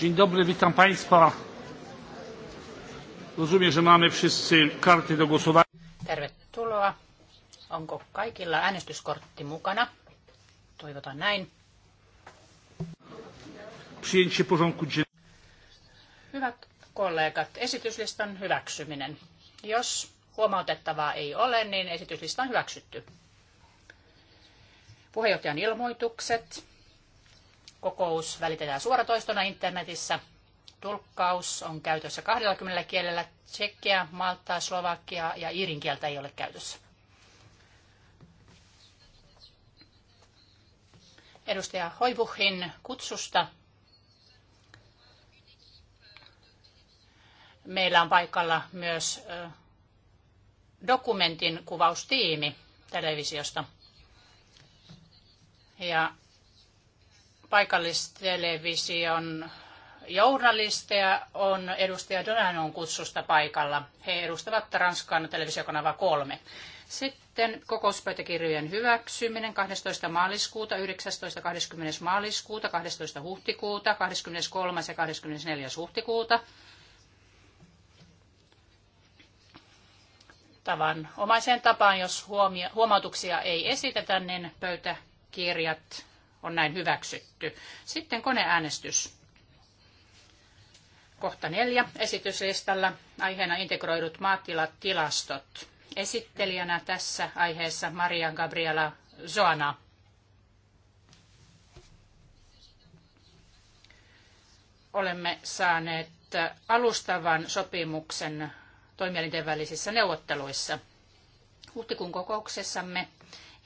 Dzień dobry, witam Państwa. Rozumiem, że mamy wszyscy karty do głosowania. Tervetuloa. Onko kaikilla äänestyskortti mukana? Toivotan näin. Przyjęcie porządku dziennego. Hyvät kollegat, esityslistan hyväksyminen. Jos huomautettavaa ei ole, niin esityslista on hyväksytty. Puheenjohtajan ilmoitukset kokous välitetään suoratoistona internetissä. Tulkkaus on käytössä 20 kielellä. Tsekkiä, Maltaa, Slovakia ja Iirin kieltä ei ole käytössä. Edustaja Hoivuhin kutsusta. Meillä on paikalla myös dokumentin kuvaustiimi televisiosta. Ja paikallistelevision journalisteja on edustaja Donanon kutsusta paikalla. He edustavat Ranskan televisiokanava kolme. Sitten kokouspöytäkirjojen hyväksyminen 12. maaliskuuta, 19. 20. maaliskuuta, 12. huhtikuuta, 23. ja 24. huhtikuuta. Tavan omaiseen tapaan, jos huomio, huomautuksia ei esitetä, niin pöytäkirjat on näin hyväksytty. Sitten koneäänestys. Kohta neljä esityslistalla aiheena integroidut maatilat tilastot. Esittelijänä tässä aiheessa Maria Gabriela Zoana. Olemme saaneet alustavan sopimuksen toimielinten välisissä neuvotteluissa. Huhtikuun kokouksessamme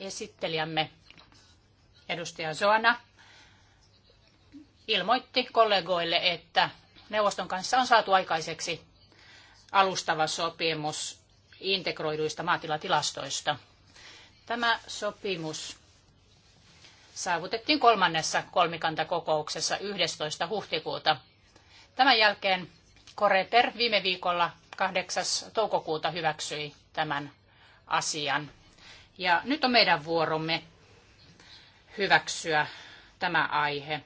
esittelijämme edustaja Zoana ilmoitti kollegoille, että neuvoston kanssa on saatu aikaiseksi alustava sopimus integroiduista maatilatilastoista. Tämä sopimus saavutettiin kolmannessa kolmikantakokouksessa 11. huhtikuuta. Tämän jälkeen Koreper viime viikolla 8. toukokuuta hyväksyi tämän asian. Ja nyt on meidän vuoromme hyväksyä tämä aihe.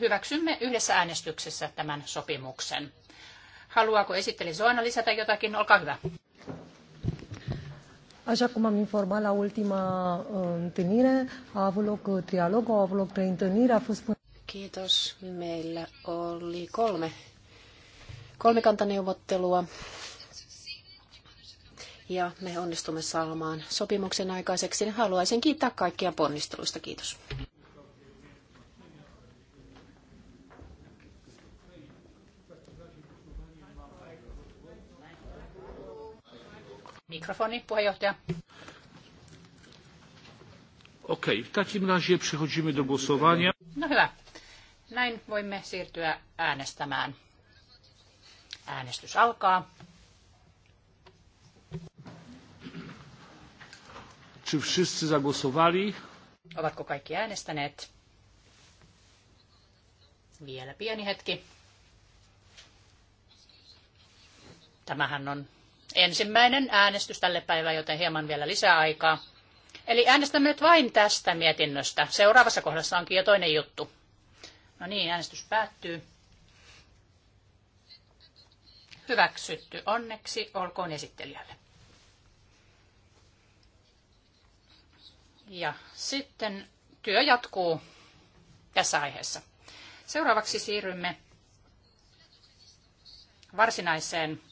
Hyväksymme yhdessä äänestyksessä tämän sopimuksen. Haluaako esitteli Soana lisätä jotakin? Olkaa hyvä. Așa cum am informat la ultima uh, întâlnire, a avut loc trialogul, uh, au avut loc trei întâlniri, a fost până... Kiitos. Meillä oli kolme kolmikantaneuvottelua ja me onnistumme saamaan sopimuksen aikaiseksi. Haluaisin kiittää kaikkia ponnisteluista. Kiitos. Mikrofoni, puheenjohtaja. Okei, okay, takim razie przechodzimy do głosowania. No hyvä. Näin voimme siirtyä äänestämään. Äänestys alkaa. Czy wszyscy zagłosowali? Ovatko kaikki äänestäneet? Vielä pieni hetki. Tämähän on ensimmäinen äänestys tälle päivälle, joten hieman vielä lisää aikaa. Eli äänestämme nyt vain tästä mietinnöstä. Seuraavassa kohdassa onkin jo toinen juttu. No niin, äänestys päättyy. Hyväksytty. Onneksi olkoon esittelijälle. Ja sitten työ jatkuu tässä aiheessa. Seuraavaksi siirrymme varsinaiseen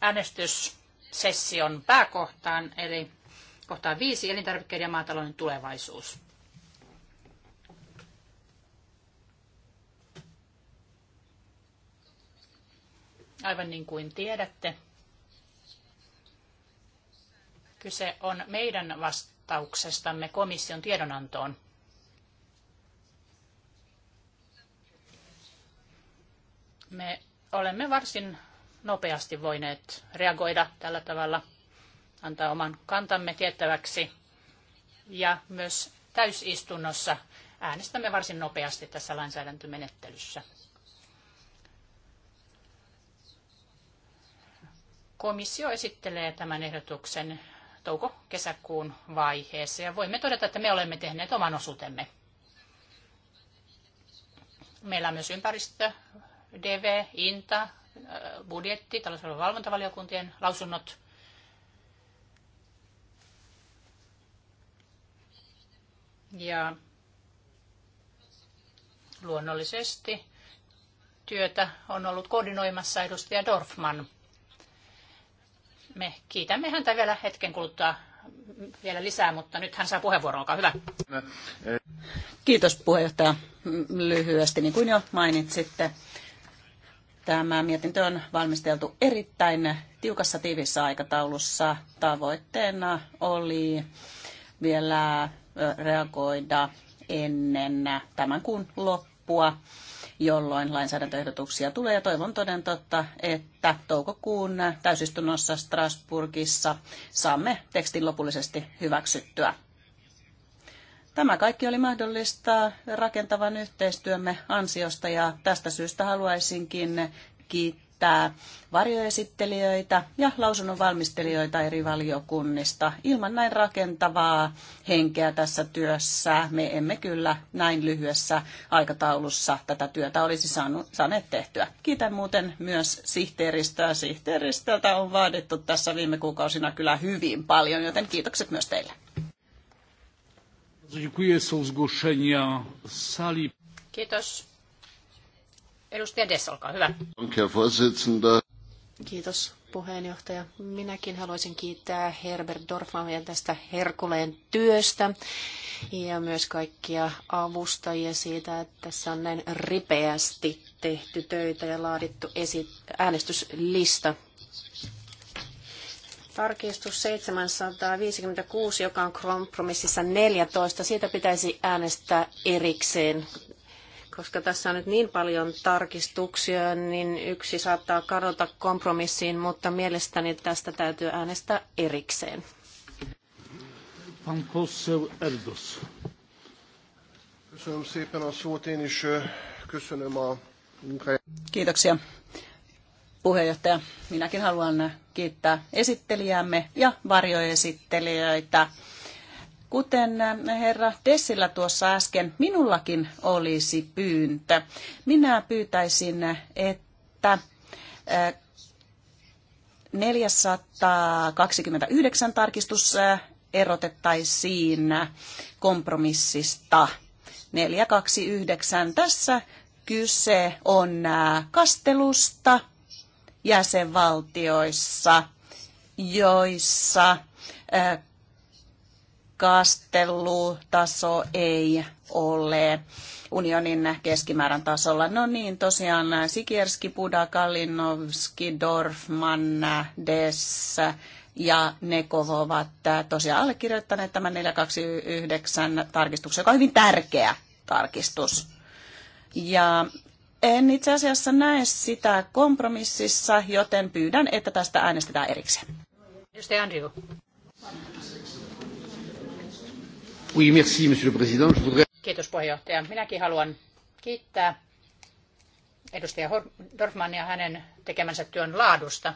äänestyssession pääkohtaan, eli kohtaan viisi, elintarvikkeiden ja maatalouden tulevaisuus. Aivan niin kuin tiedätte, kyse on meidän vastuumme vastauksestamme komission tiedonantoon. Me olemme varsin nopeasti voineet reagoida tällä tavalla, antaa oman kantamme tiettäväksi ja myös täysistunnossa äänestämme varsin nopeasti tässä lainsäädäntömenettelyssä. Komissio esittelee tämän ehdotuksen touko-kesäkuun vaiheessa ja voimme todeta, että me olemme tehneet oman osuutemme. Meillä on myös ympäristö, DV, INTA, budjetti, talousvalvonnan valvontavaliokuntien lausunnot. Ja luonnollisesti työtä on ollut koordinoimassa edustaja Dorfman me kiitämme häntä vielä hetken kuluttua vielä lisää, mutta nyt hän saa puheenvuoron, olkaa hyvä. Kiitos puheenjohtaja. Lyhyesti, niin kuin jo mainitsitte, tämä mietintö on valmisteltu erittäin tiukassa tiivissä aikataulussa. Tavoitteena oli vielä reagoida ennen tämän kuun loppua jolloin lainsäädäntöehdotuksia tulee. Ja toivon toden totta, että toukokuun täysistunnossa Strasburgissa saamme tekstin lopullisesti hyväksyttyä. Tämä kaikki oli mahdollista rakentavan yhteistyömme ansiosta ja tästä syystä haluaisinkin kiittää kiittää varjoesittelijöitä ja lausunnon valmistelijoita eri valiokunnista. Ilman näin rakentavaa henkeä tässä työssä me emme kyllä näin lyhyessä aikataulussa tätä työtä olisi saanut, saaneet tehtyä. Kiitän muuten myös sihteeristöä. Sihteeristöltä on vaadittu tässä viime kuukausina kyllä hyvin paljon, joten kiitokset myös teille. Kiitos. Edustaja Dess, olkaa hyvä. Kiitos puheenjohtaja. Minäkin haluaisin kiittää Herbert Dorfmania tästä Herkuleen työstä ja myös kaikkia avustajia siitä, että tässä on näin ripeästi tehty töitä ja laadittu esit- äänestyslista. Tarkistus 756, joka on kompromississa 14, siitä pitäisi äänestää erikseen, koska tässä on nyt niin paljon tarkistuksia, niin yksi saattaa kadota kompromissiin, mutta mielestäni tästä täytyy äänestää erikseen. Pan poseł Erdos. Köszönöm szépen Kiitoksia puheenjohtaja. Minäkin haluan kiittää esittelijäämme ja varjoesittelijöitä Kuten herra Tessillä tuossa äsken, minullakin olisi pyyntö. Minä pyytäisin, että 429 tarkistus erotettaisiin kompromissista. 429. Tässä kyse on kastelusta jäsenvaltioissa, joissa tarkastelutaso ei ole unionin keskimäärän tasolla. No niin, tosiaan Sikierski, Buda, Kalinowski, Dorfman, Dess ja Nekov ovat tosiaan allekirjoittaneet tämän 429 tarkistuksen, joka on hyvin tärkeä tarkistus. Ja en itse asiassa näe sitä kompromississa, joten pyydän, että tästä äänestetään erikseen. Edustaja Andriu. Oui, Kiitos puheenjohtaja. Minäkin haluan kiittää edustaja Dorfmania hänen tekemänsä työn laadusta.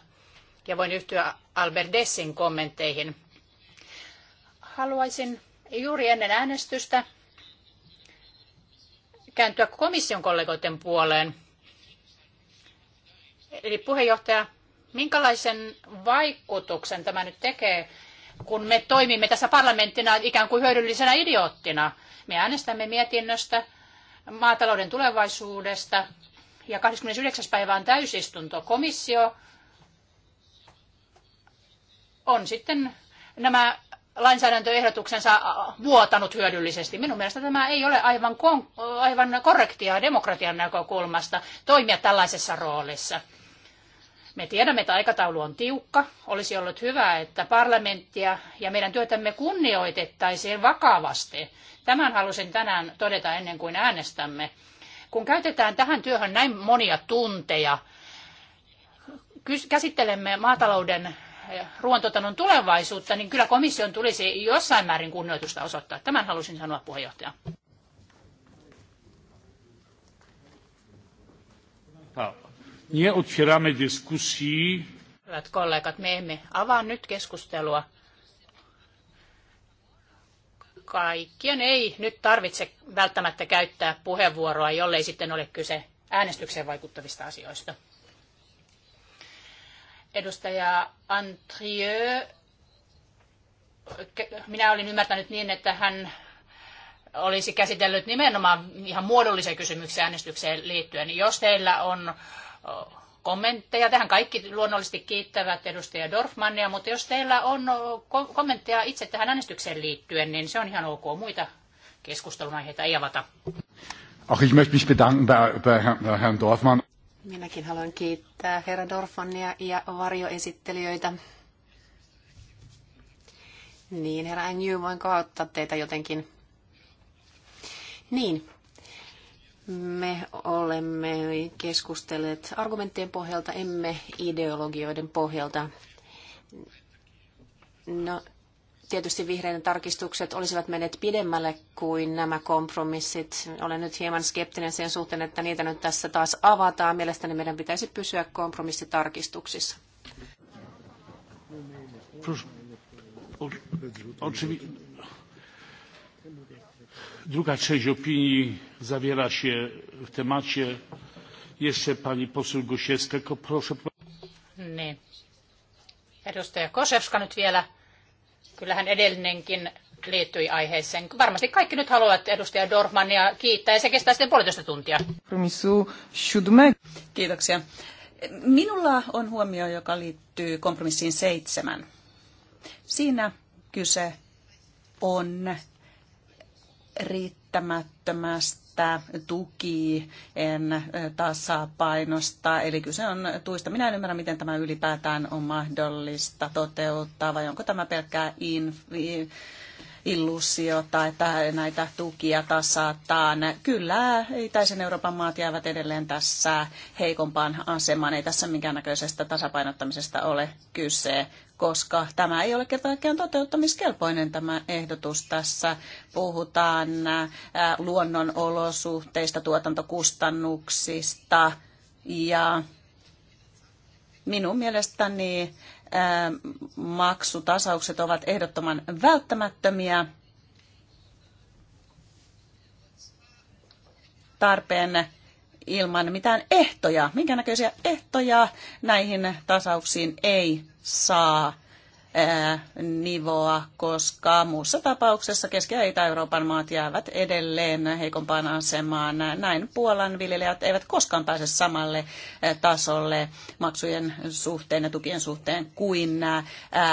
Ja voin yhtyä Albert Dessin kommentteihin. Haluaisin juuri ennen äänestystä kääntyä komission kollegoiden puoleen. Eli puheenjohtaja, minkälaisen vaikutuksen tämä nyt tekee kun me toimimme tässä parlamenttina ikään kuin hyödyllisenä idioottina. Me äänestämme mietinnöstä maatalouden tulevaisuudesta ja 29. päivä on täysistunto. Komissio on sitten nämä lainsäädäntöehdotuksensa vuotanut hyödyllisesti. Minun mielestä tämä ei ole aivan, aivan korrektia demokratian näkökulmasta toimia tällaisessa roolissa. Me tiedämme, että aikataulu on tiukka. Olisi ollut hyvä, että parlamenttia ja meidän työtämme kunnioitettaisiin vakavasti. Tämän halusin tänään todeta ennen kuin äänestämme. Kun käytetään tähän työhön näin monia tunteja, käsittelemme maatalouden eh, ruoantuotannon tulevaisuutta, niin kyllä komission tulisi jossain määrin kunnioitusta osoittaa. Tämän halusin sanoa puheenjohtaja. Nie otwieramy dyskusji. Hyvät kollegat, me emme avaa nyt keskustelua. Kaikkien ei nyt tarvitse välttämättä käyttää puheenvuoroa, jollei sitten ole kyse äänestykseen vaikuttavista asioista. Edustaja Antrieu, minä olin ymmärtänyt niin, että hän olisi käsitellyt nimenomaan ihan muodollisia kysymyksiä äänestykseen liittyen. Jos teillä on kommentteja. Tähän kaikki luonnollisesti kiittävät edustaja Dorfmannia, mutta jos teillä on kommentteja itse tähän äänestykseen liittyen, niin se on ihan ok. Muita keskustelun aiheita ei avata. Auch ich möchte mich bedanken bei, bei Herrn Dorfmann. Minäkin haluan kiittää herra Dorfmannia ja varjoesittelijöitä. Niin, herra Anju, voinko auttaa teitä jotenkin? Niin, me olemme keskustelleet argumenttien pohjalta, emme ideologioiden pohjalta. No, tietysti vihreiden tarkistukset olisivat menneet pidemmälle kuin nämä kompromissit. Olen nyt hieman skeptinen sen suhteen, että niitä nyt tässä taas avataan. Mielestäni meidän pitäisi pysyä kompromissitarkistuksissa. Druga część opinii zawiera się w temacie. Jeszcze pani poseł Gosiewska, proszę. Niin. Edustaja Kosevska nyt vielä. Kyllähän edellinenkin liittyi aiheeseen. Varmasti kaikki nyt haluavat edustaja Dorfmania kiittää ja se kestää sitten puolitoista tuntia. Kiitoksia. Minulla on huomio, joka liittyy kompromissiin seitsemän. Siinä kyse on riittämättömästä että tuki en tasapainosta, eli kyse on tuista. Minä en ymmärrä, miten tämä ylipäätään on mahdollista toteuttaa, vai onko tämä pelkkää illuusiota, että näitä tukia tasataan. Kyllä, itäisen Euroopan maat jäävät edelleen tässä heikompaan asemaan. Ei tässä minkäännäköisestä tasapainottamisesta ole kyse, koska tämä ei ole kertaakaan toteuttamiskelpoinen tämä ehdotus. Tässä puhutaan luonnonolosuhteista, tuotantokustannuksista ja minun mielestäni Ähm, maksutasaukset ovat ehdottoman välttämättömiä tarpeen ilman mitään ehtoja. Minkä näköisiä ehtoja näihin tasauksiin ei saa nivoa, koska muussa tapauksessa Keski- ja Itä-Euroopan maat jäävät edelleen heikompaan asemaan. Näin Puolan viljelijät eivät koskaan pääse samalle tasolle maksujen suhteen ja tukien suhteen kuin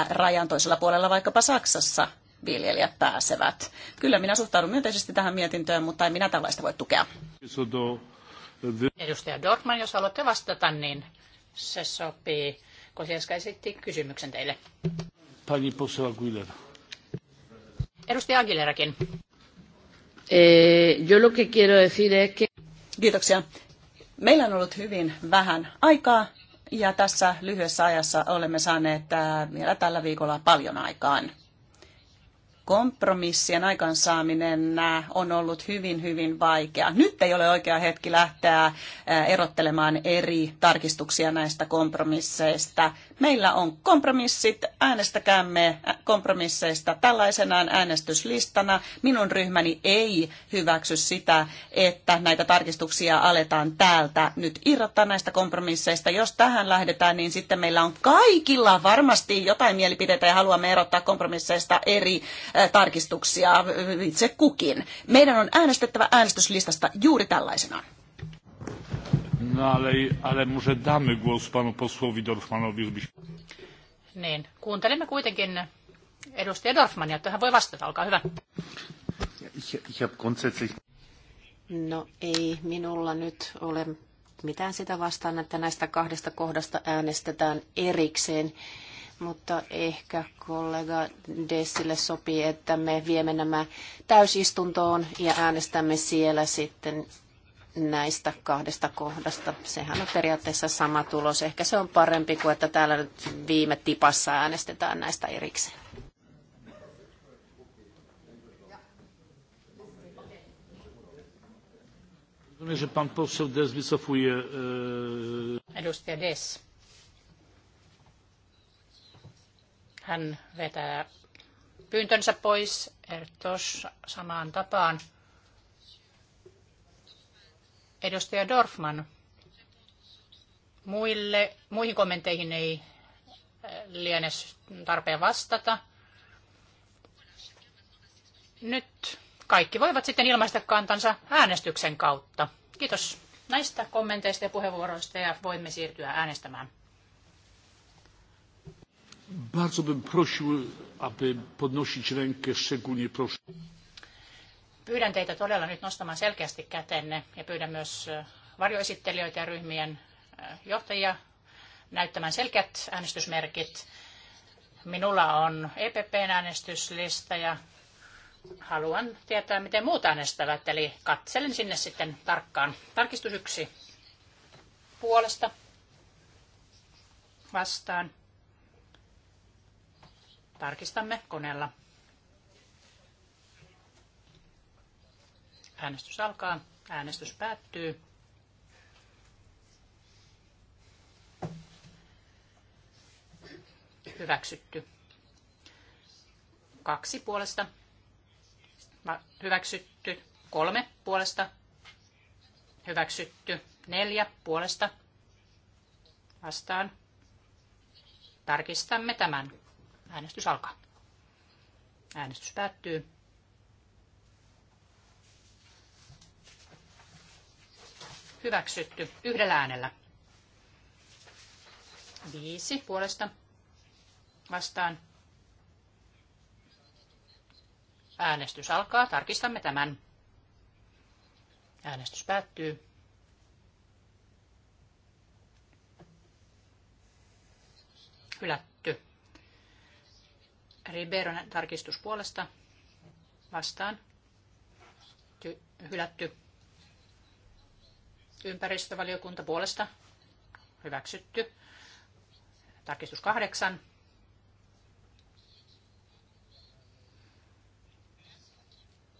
rajan toisella puolella vaikkapa Saksassa viljelijät pääsevät. Kyllä minä suhtaudun myönteisesti tähän mietintöön, mutta en minä tällaista voi tukea. Edustaja Dortman, jos haluatte vastata, niin se sopii. Kosieska esitti kysymyksen teille. Pani Posso Aguilera. Edustaja Aguilerakin. Eh, yo lo que quiero decir es que... Kiitoksia. Meillä on ollut hyvin vähän aikaa ja tässä lyhyessä ajassa olemme saaneet eh, vielä tällä viikolla paljon aikaan kompromissien aikaansaaminen äh, on ollut hyvin, hyvin vaikea. Nyt ei ole oikea hetki lähteä äh, erottelemaan eri tarkistuksia näistä kompromisseista. Meillä on kompromissit, äänestäkäämme äh, kompromisseista tällaisenaan äänestyslistana. Minun ryhmäni ei hyväksy sitä, että näitä tarkistuksia aletaan täältä nyt irrottaa näistä kompromisseista. Jos tähän lähdetään, niin sitten meillä on kaikilla varmasti jotain mielipiteitä ja haluamme erottaa kompromisseista eri tarkistuksia itse kukin. Meidän on äänestettävä äänestyslistasta juuri tällaisenaan. No ale, ale może damy głos panu posłowi Dorfmanowi, żebyś... Niin, kuuntelemme kuitenkin edustaja Dorfmania, että hän voi vastata, olkaa hyvä. No ei minulla nyt ole mitään sitä vastaan, että näistä kahdesta kohdasta äänestetään erikseen mutta ehkä kollega Dessille sopii, että me viemme nämä täysistuntoon ja äänestämme siellä sitten näistä kahdesta kohdasta. Sehän on periaatteessa sama tulos. Ehkä se on parempi kuin, että täällä nyt viime tipassa äänestetään näistä erikseen. E, Edustaja Dess. Hän vetää pyyntönsä pois Ertos samaan tapaan. Edustaja Dorfman, muille, muihin kommentteihin ei eh, liene tarpeen vastata. Nyt kaikki voivat sitten ilmaista kantansa äänestyksen kautta. Kiitos näistä kommenteista ja puheenvuoroista ja voimme siirtyä äänestämään. Bardzo bym prosił, aby podnosić rękę, szczególnie proszę. Pyydän teitä todella nyt nostamaan selkeästi kätenne ja pyydän myös e, varjoesittelijöitä ja ryhmien e, johtajia näyttämään selkeät äänestysmerkit. Minulla on EPPn äänestyslista ja haluan tietää, miten muut äänestävät, eli katselen sinne sitten tarkkaan. Tarkistus yksi puolesta vastaan Tarkistamme koneella. Äänestys alkaa. Äänestys päättyy. Hyväksytty. Kaksi puolesta. Hyväksytty. Kolme puolesta. Hyväksytty. Neljä puolesta. Vastaan. Tarkistamme tämän. Äänestys alkaa. Äänestys päättyy. Hyväksytty yhdellä äänellä. Viisi puolesta vastaan. Äänestys alkaa. Tarkistamme tämän. Äänestys päättyy. Hylätty Riberon tarkistus puolesta vastaan. Ty- hylätty. Ympäristövaliokunta puolesta hyväksytty. Tarkistus kahdeksan.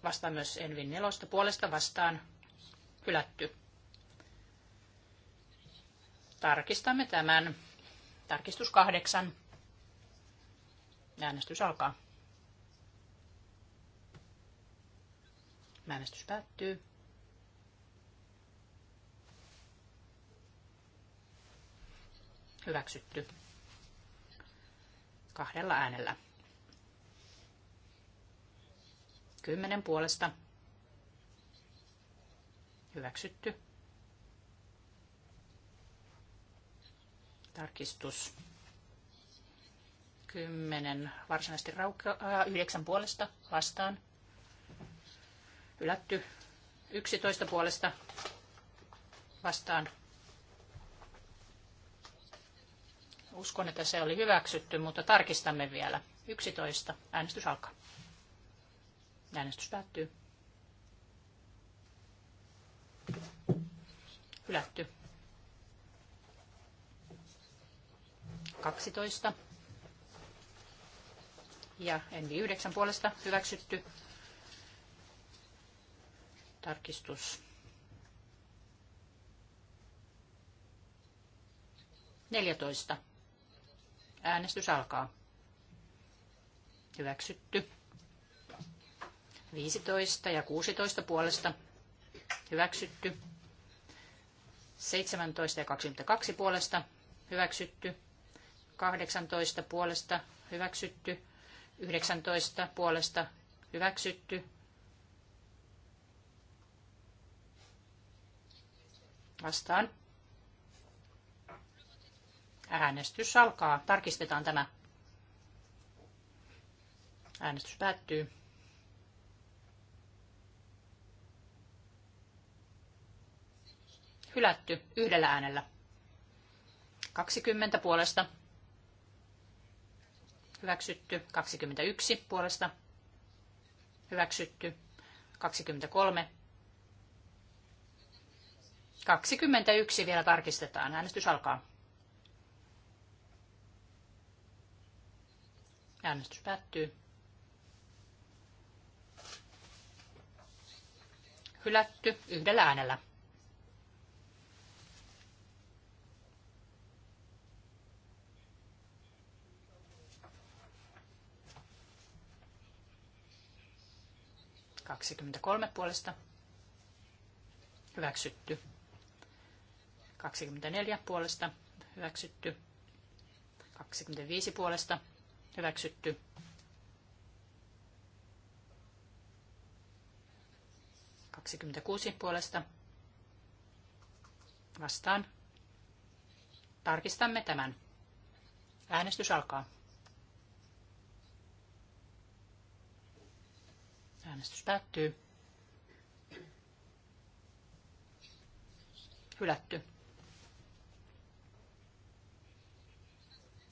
Vastaan myös Envin nelosta puolesta vastaan hylätty. Tarkistamme tämän. Tarkistus kahdeksan. Äänestys alkaa. Äänestys päättyy. Hyväksytty. Kahdella äänellä. Kymmenen puolesta. Hyväksytty. Tarkistus Kymmenen varsinaisesti raukeaa, äh, yhdeksän puolesta vastaan. Ylätty yksitoista puolesta vastaan. Uskon, että se oli hyväksytty, mutta tarkistamme vielä. Yksitoista. Äänestys alkaa. Äänestys päättyy. Hylätty. 12 ja Envi 9 puolesta hyväksytty. Tarkistus. Neljätoista. Äänestys alkaa. Hyväksytty. 15 ja 16 puolesta. Hyväksytty. 17 ja 22 puolesta. Hyväksytty. 18 puolesta. Hyväksytty. 19 puolesta hyväksytty. Vastaan. Äänestys alkaa. Tarkistetaan tämä. Äänestys päättyy. Hylätty yhdellä äänellä. 20 puolesta Hyväksytty 21 puolesta. Hyväksytty 23. 21 vielä tarkistetaan. Äänestys alkaa. Äänestys päättyy. Hylätty yhdellä äänellä. 23 puolesta hyväksytty. 24 puolesta hyväksytty. 25 puolesta hyväksytty. 26 puolesta vastaan. Tarkistamme tämän. Äänestys alkaa. Äänestys päättyy. Hylätty.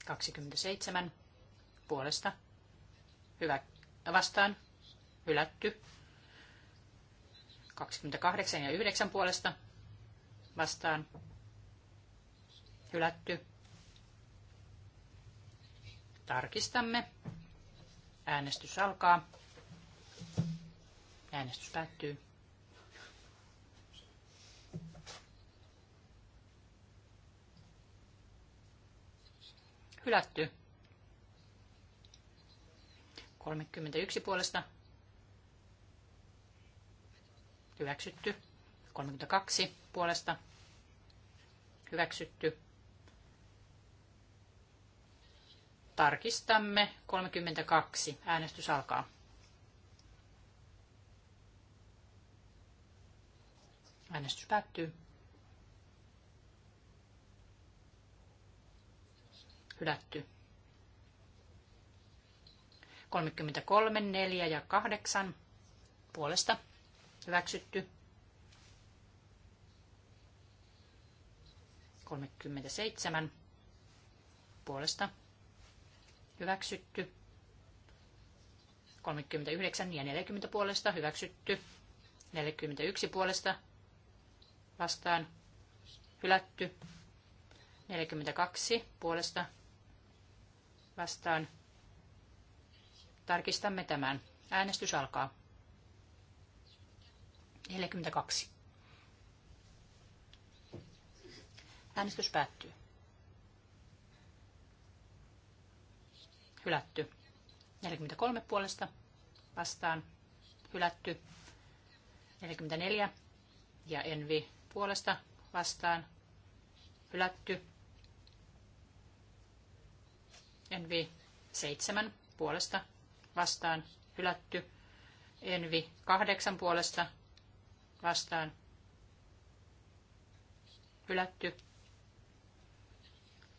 27 puolesta. Hyvä. Vastaan. Hylätty. 28 ja 9 puolesta. Vastaan. Hylätty. Tarkistamme. Äänestys alkaa. Äänestys päättyy. Hylätty. 31 puolesta. Hyväksytty. 32 puolesta. Hyväksytty. Tarkistamme. 32. Äänestys alkaa. Äänestys päättyy. Hylätty. 33, 4 ja 8 puolesta hyväksytty. 37 puolesta hyväksytty. 39 ja 40 puolesta hyväksytty. 41 puolesta vastaan hylätty. 42 puolesta vastaan. Tarkistamme tämän. Äänestys alkaa. 42. Äänestys päättyy. Hylätty. 43 puolesta vastaan. Hylätty. 44 ja Envi puolesta vastaan hylätty. Envi 7 puolesta vastaan hylätty. Envi 8 puolesta vastaan hylätty.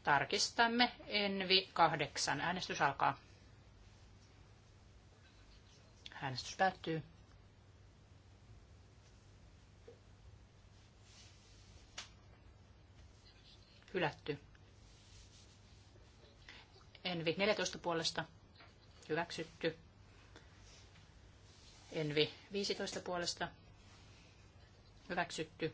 Tarkistamme Envi 8. Äänestys alkaa. Äänestys päättyy. hylätty. Envi 14 puolesta hyväksytty. Envi 15 puolesta hyväksytty.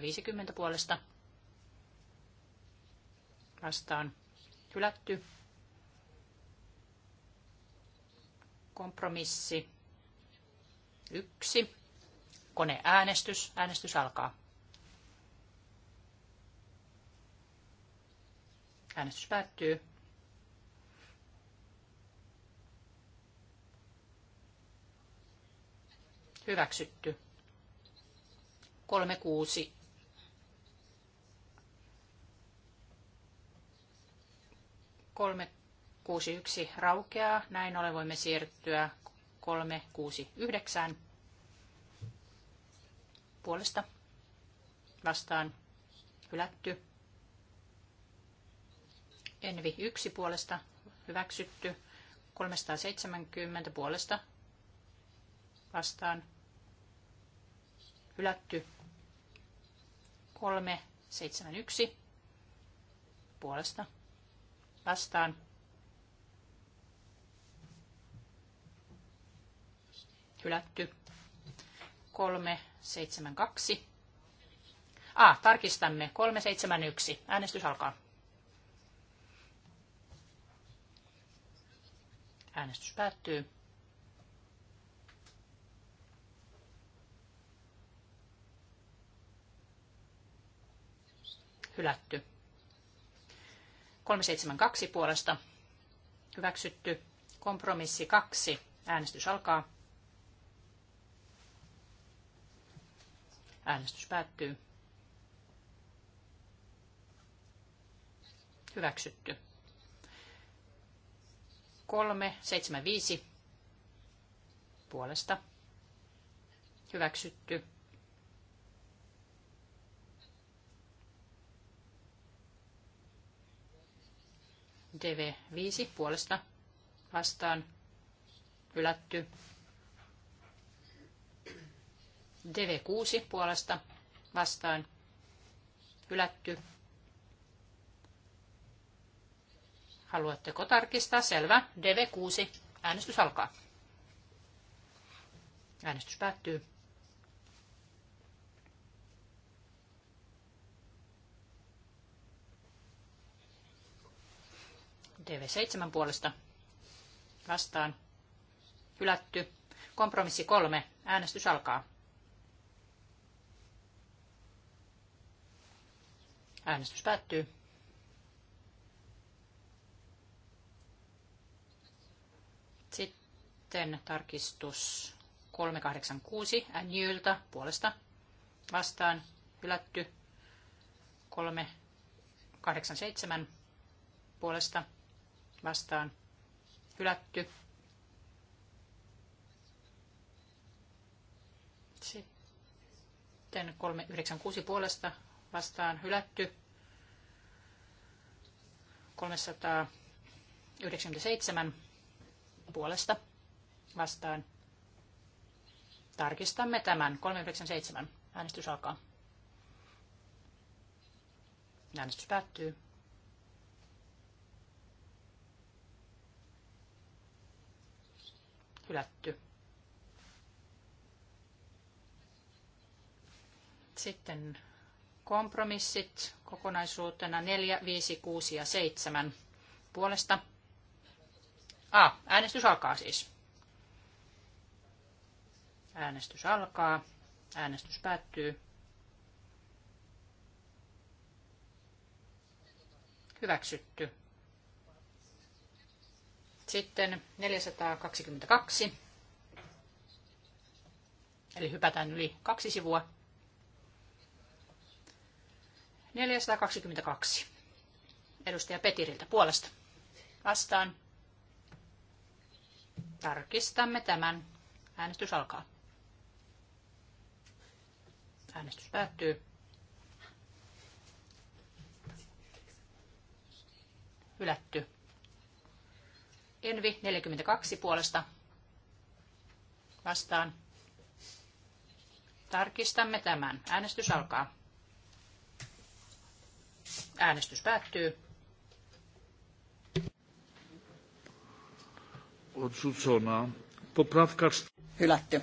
viisikymmentä puolesta vastaan hylätty. Kompromissi Yksi. Kone Äänestys äänestys alkaa. Äänestys päättyy. Hyväksytty. 36. Kolme, kuusi, yksi raukeaa. Näin ollen voimme siirtyä yhdeksän puolesta vastaan hylätty. Envi 1 puolesta hyväksytty. 370 puolesta vastaan hylätty. 371 puolesta vastaan hylätty. 372. A, ah, tarkistamme. 371. Äänestys alkaa. Äänestys päättyy. Hylätty. 372 puolesta. Hyväksytty. Kompromissi 2. Äänestys alkaa. Äänestys päättyy. Hyväksytty. 3, 7, 5 puolesta. Hyväksytty. DV5 puolesta vastaan. Hylätty. DV6 puolesta vastaan hylätty. Haluatteko tarkistaa? Selvä. DV6. Äänestys alkaa. Äänestys päättyy. DV7 puolesta vastaan. Hylätty. Kompromissi 3. Äänestys alkaa. Äänestys päättyy. Sitten tarkistus 386 Äänjyltä puolesta vastaan hylätty 387 puolesta vastaan hylätty. Sitten 396 puolesta vastaan hylätty. 397 puolesta vastaan. Tarkistamme tämän. 397. Äänestys alkaa. Äänestys päättyy. Hylätty. Sitten Kompromissit kokonaisuutena 4, 5, 6 ja 7 puolesta. A. Ah, äänestys alkaa siis. Äänestys alkaa. Äänestys päättyy. Hyväksytty. Sitten 422. Eli hypätään yli kaksi sivua. 422. Edustaja Petiriltä puolesta. Vastaan. Tarkistamme tämän. Äänestys alkaa. Äänestys päättyy. Hylätty. Envi 42 puolesta. Vastaan. Tarkistamme tämän. Äänestys alkaa. Äänestys päättyy. Odrzucona. Poprawka... Hylätty.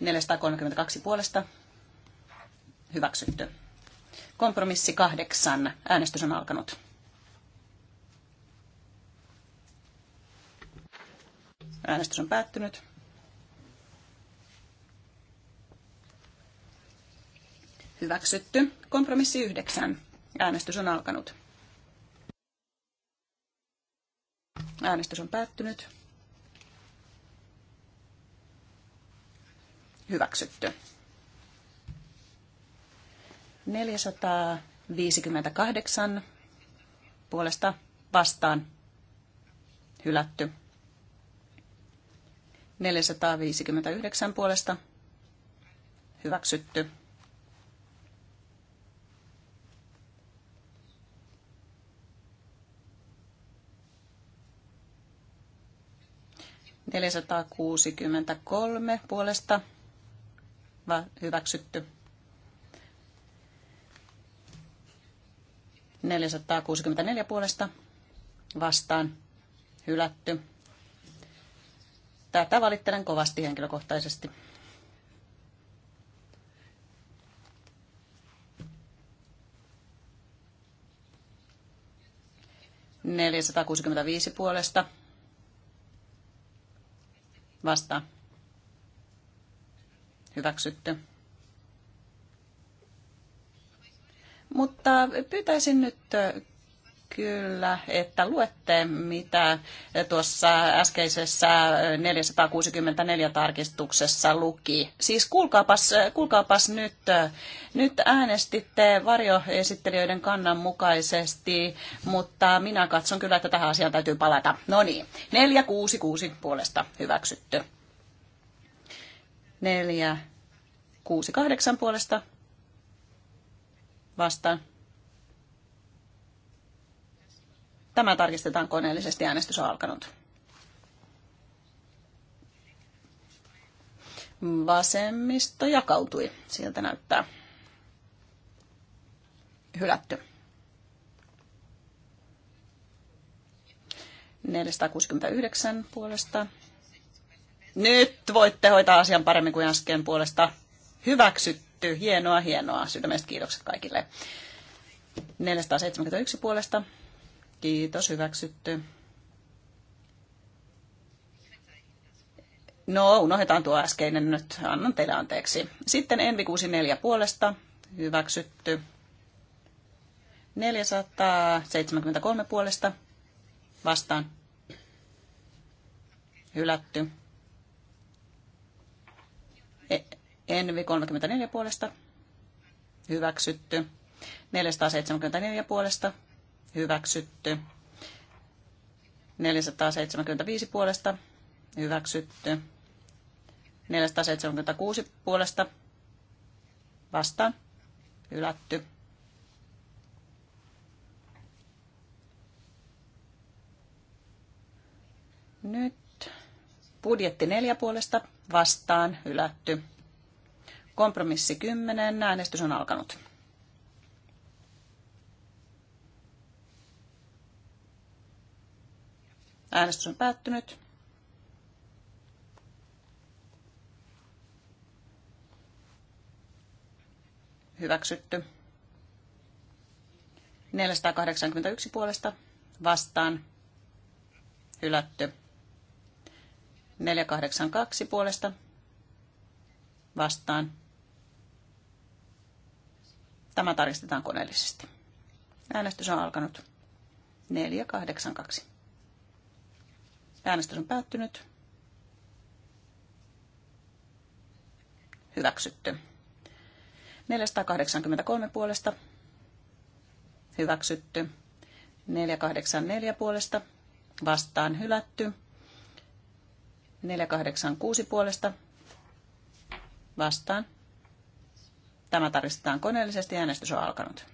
432 puolesta. Hyväksytty. Kompromissi kahdeksan. Äänestys on alkanut. Äänestys on päättynyt. Hyväksytty. Kompromissi 9. Äänestys on alkanut. Äänestys on päättynyt. Hyväksytty. 458 puolesta vastaan hylätty. 459 puolesta hyväksytty. 463 puolesta hyväksytty. 464 puolesta vastaan hylätty. Tätä valittelen kovasti henkilökohtaisesti. Neljäsataakuusikymmentäviisi puolesta Vasta. Hyväksytty. Mutta pyytäisin nyt äh, kyllä, että luette, mitä tuossa äskeisessä 464 tarkistuksessa luki. Siis kuulkaapas, kuulkaapas nyt, nyt äänestitte varjoesittelijöiden kannan mukaisesti, mutta minä katson kyllä, että tähän asiaan täytyy palata. No niin, 466 puolesta hyväksytty. 468 puolesta vastaan. Tämä tarkistetaan koneellisesti. Äänestys on alkanut. Vasemmisto jakautui. sieltä näyttää. Hylätty. 469 puolesta. Nyt voitte hoitaa asian paremmin kuin äsken puolesta. Hyväksytty. Hienoa, hienoa. Sydämestä kiitokset kaikille. 471 puolesta Kiitos, hyväksytty. No, unohdetaan tuo äskeinen nyt. Annan teille anteeksi. Sitten Envi 64 puolesta. Hyväksytty. 473 puolesta. Vastaan. Hylätty. E- Envi 34 puolesta. Hyväksytty. 474 puolesta hyväksytty. 475 puolesta hyväksytty. 476 puolesta vastaan hylätty. Nyt budjetti neljä puolesta vastaan hylätty. Kompromissi 10. Äänestys on alkanut. Äänestys on päättynyt. Hyväksytty. 481 puolesta vastaan. Hylätty. 482 puolesta vastaan. Tämä tarkistetaan koneellisesti. Äänestys on alkanut. 482. Äänestys on päättynyt. Hyväksytty. 483 puolesta. Hyväksytty. 484 puolesta. Vastaan hylätty. 486 puolesta. Vastaan. Tämä tarkistetaan koneellisesti. Äänestys on alkanut.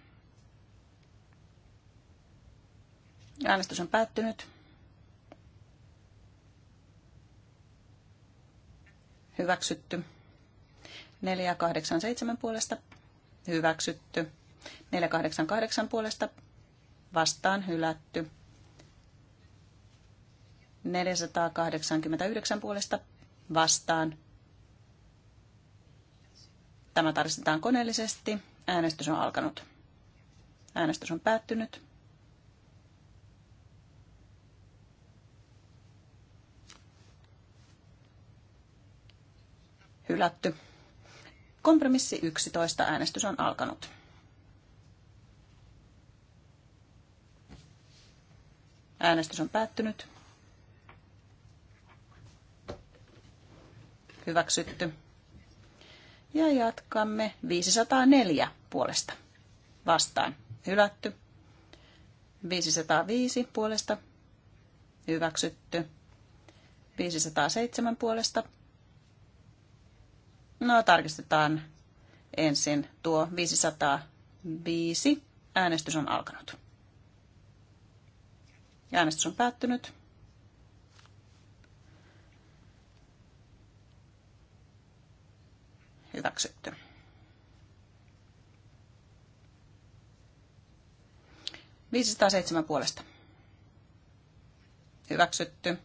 Äänestys on päättynyt. hyväksytty. 487 puolesta hyväksytty. 488 puolesta vastaan hylätty. 489 puolesta vastaan. Tämä tarkistetaan koneellisesti. Äänestys on alkanut. Äänestys on päättynyt. Hylätty. Kompromissi 11. Äänestys on alkanut. Äänestys on päättynyt. Hyväksytty. Ja jatkamme 504 puolesta. Vastaan. Hylätty. 505 puolesta. Hyväksytty. 507 puolesta. No tarkistetaan ensin tuo 505. Äänestys on alkanut. Äänestys on päättynyt. Hyväksytty. puolesta. Hyväksytty.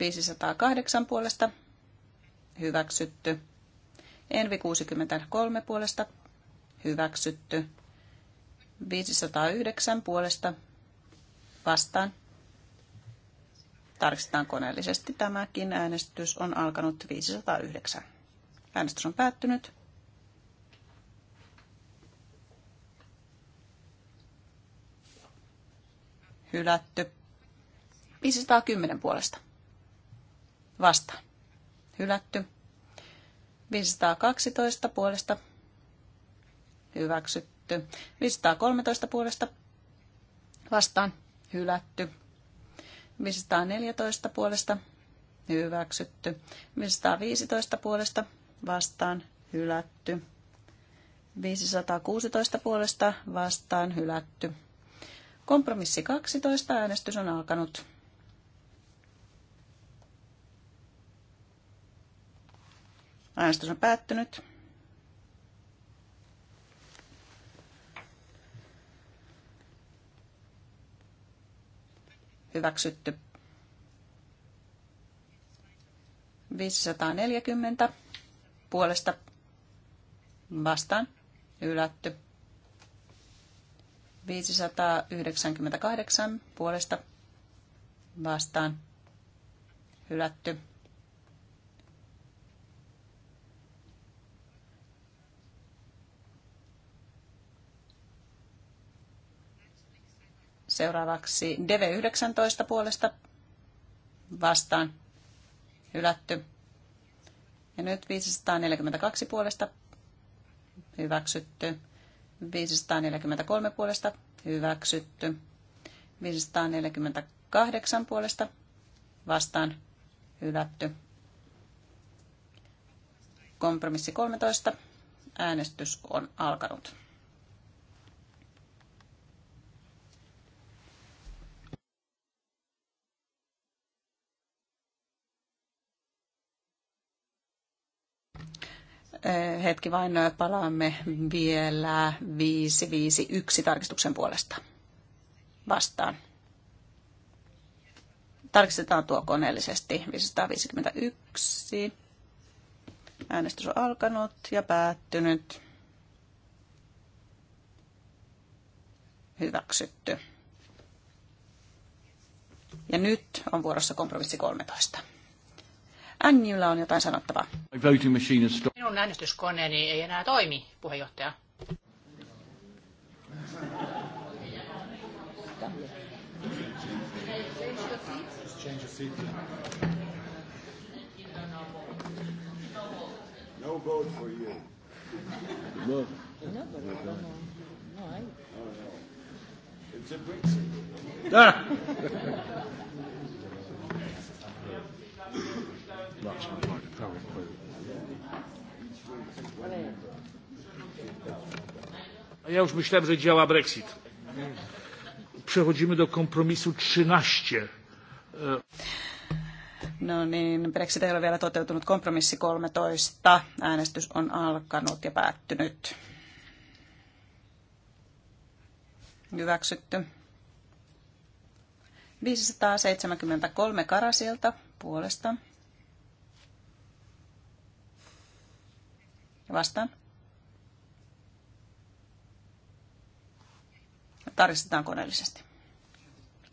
508 puolesta. Hyväksytty. Envi 63 puolesta hyväksytty. 509 puolesta vastaan. Tarkistetaan koneellisesti tämäkin. Äänestys on alkanut 509. Äänestys on päättynyt. Hylätty. 510 puolesta. Vastaan. Hylätty. 512 puolesta hyväksytty. 513 puolesta vastaan hylätty. 514 puolesta hyväksytty. 515 puolesta vastaan hylätty. 516 puolesta vastaan hylätty. Kompromissi 12 äänestys on alkanut. Äänestys on päättynyt. Hyväksytty. 540 puolesta vastaan ylätty 598 puolesta vastaan hylätty. Seuraavaksi DV19 puolesta vastaan hylätty. Ja nyt 542 puolesta hyväksytty. 543 puolesta hyväksytty. 548 puolesta vastaan hylätty. Kompromissi 13. Äänestys on alkanut. Eh, hetki vain palaamme vielä 551 tarkistuksen puolesta vastaan. Tarkistetaan tuo koneellisesti 551. Äänestys on alkanut ja päättynyt. Hyväksytty. Ja nyt on vuorossa kompromissi 13. Annilla on jotain sanottavaa minun äänestyskoneeni ei enää toimi, puheenjohtaja. Change seat. No vote for you. No. No, but No, I... no. It's a Brexit. Ah! Last one, right, that was ja już myślałem, że działa Brexit. Przechodzimy do kompromisu 13. No niin, Brexit ei ole vielä toteutunut. Kompromissi 13. Äänestys on alkanut ja päättynyt. Hyväksytty. 573 Karasilta puolesta. Vastaan. Tarkistetaan koneellisesti.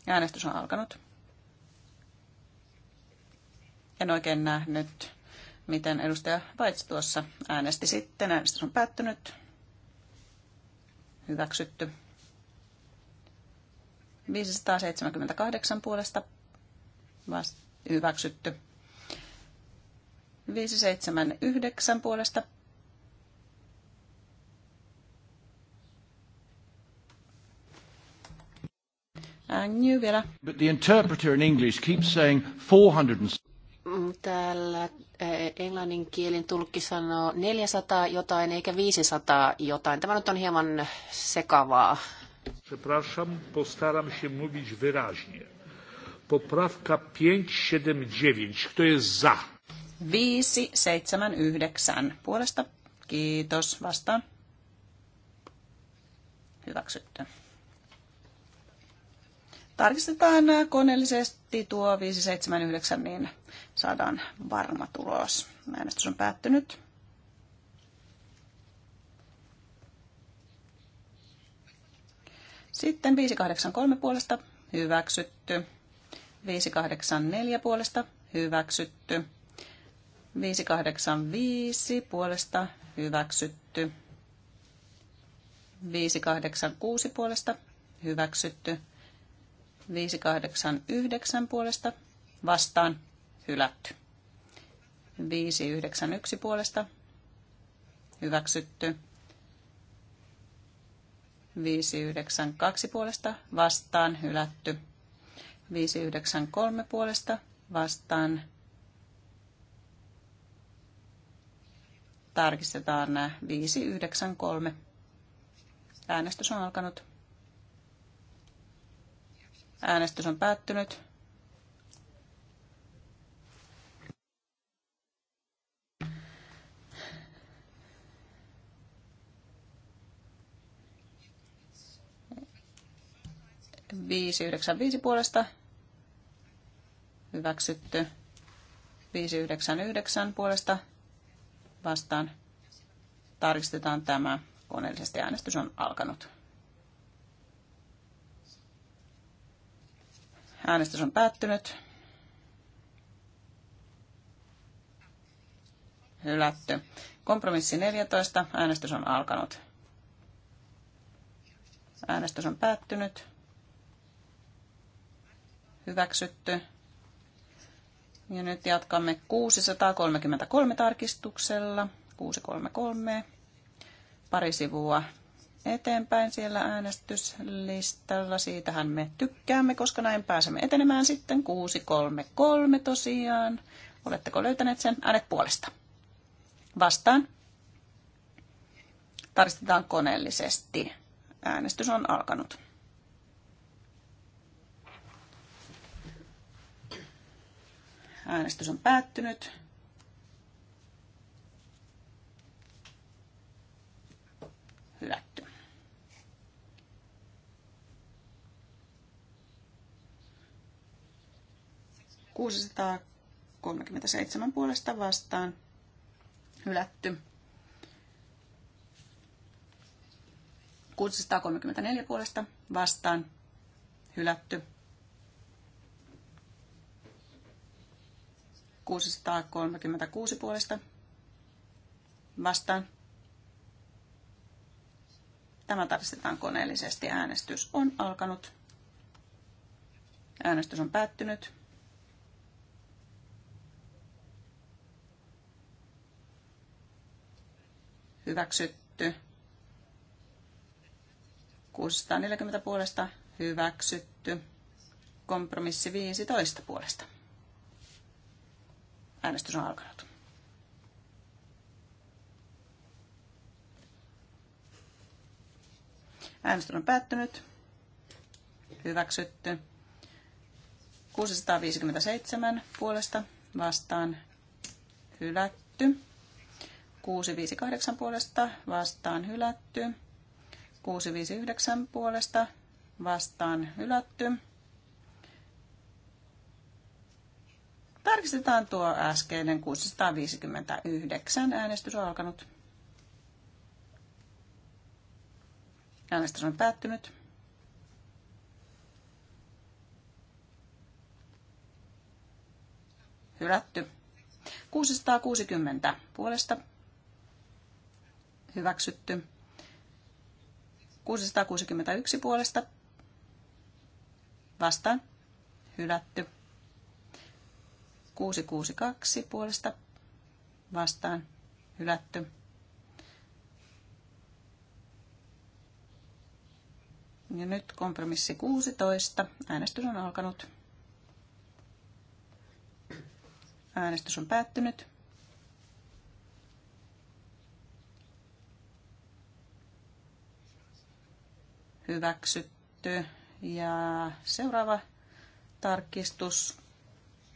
Äänestys on alkanut. En oikein nähnyt, miten edustaja Vaits tuossa äänesti sitten. Äänestys on päättynyt. Hyväksytty. 578 puolesta hyväksytty. 579 puolesta Agnew vielä. But the interpreter in English keeps saying 400 mm, Täällä eh, englannin kielin tulkki sanoo 400 jotain eikä 500 jotain. Tämä nyt on hieman sekavaa. Przepraszam, postaram się mówić wyraźnie. Poprawka 579. Kto jest za? 579. Puolesta kiitos. Vastaan. Hyväksytty tarkistetaan koneellisesti tuo 579, niin saadaan varma tulos. Äänestys on päättynyt. Sitten 583 puolesta hyväksytty. 584 puolesta hyväksytty. 585 puolesta hyväksytty. 586 puolesta hyväksytty. 589 puolesta vastaan hylätty. 591 puolesta hyväksytty. 592 puolesta vastaan hylätty. 593 puolesta vastaan tarkistetaan nämä 593. Äänestys on alkanut. Äänestys on päättynyt. Viisi yhdeksän viisi puolesta hyväksytty. yhdeksän puolesta vastaan. Tarkistetaan tämä. Koneellisesti äänestys on alkanut. Äänestys on päättynyt. Hylätty. Kompromissi 14. Äänestys on alkanut. Äänestys on päättynyt. Hyväksytty. Ja nyt jatkamme 633 tarkistuksella. 633. Pari sivua eteenpäin siellä äänestyslistalla. Siitähän me tykkäämme, koska näin pääsemme etenemään sitten. 633 tosiaan. Oletteko löytäneet sen äänet puolesta? Vastaan. Tarkistetaan koneellisesti. Äänestys on alkanut. Äänestys on päättynyt. 637 puolesta vastaan hylätty. 634 puolesta vastaan hylätty. 636 puolesta vastaan. Tämä tarkistetaan koneellisesti. Äänestys on alkanut. Äänestys on päättynyt. hyväksytty. 640 puolesta hyväksytty. Kompromissi 15 puolesta. Äänestys on alkanut. Äänestys on päättynyt. Hyväksytty. 657 puolesta vastaan hylätty. 658 puolesta vastaan hylätty. 659 puolesta vastaan hylätty. Tarkistetaan tuo äskeinen 659. Äänestys on alkanut. Äänestys on päättynyt. Hylätty. 660 puolesta hyväksytty. 661 puolesta vastaan hylätty. 662 puolesta vastaan hylätty. Ja nyt kompromissi 16. Äänestys on alkanut. Äänestys on päättynyt. hyväksytty. Ja seuraava tarkistus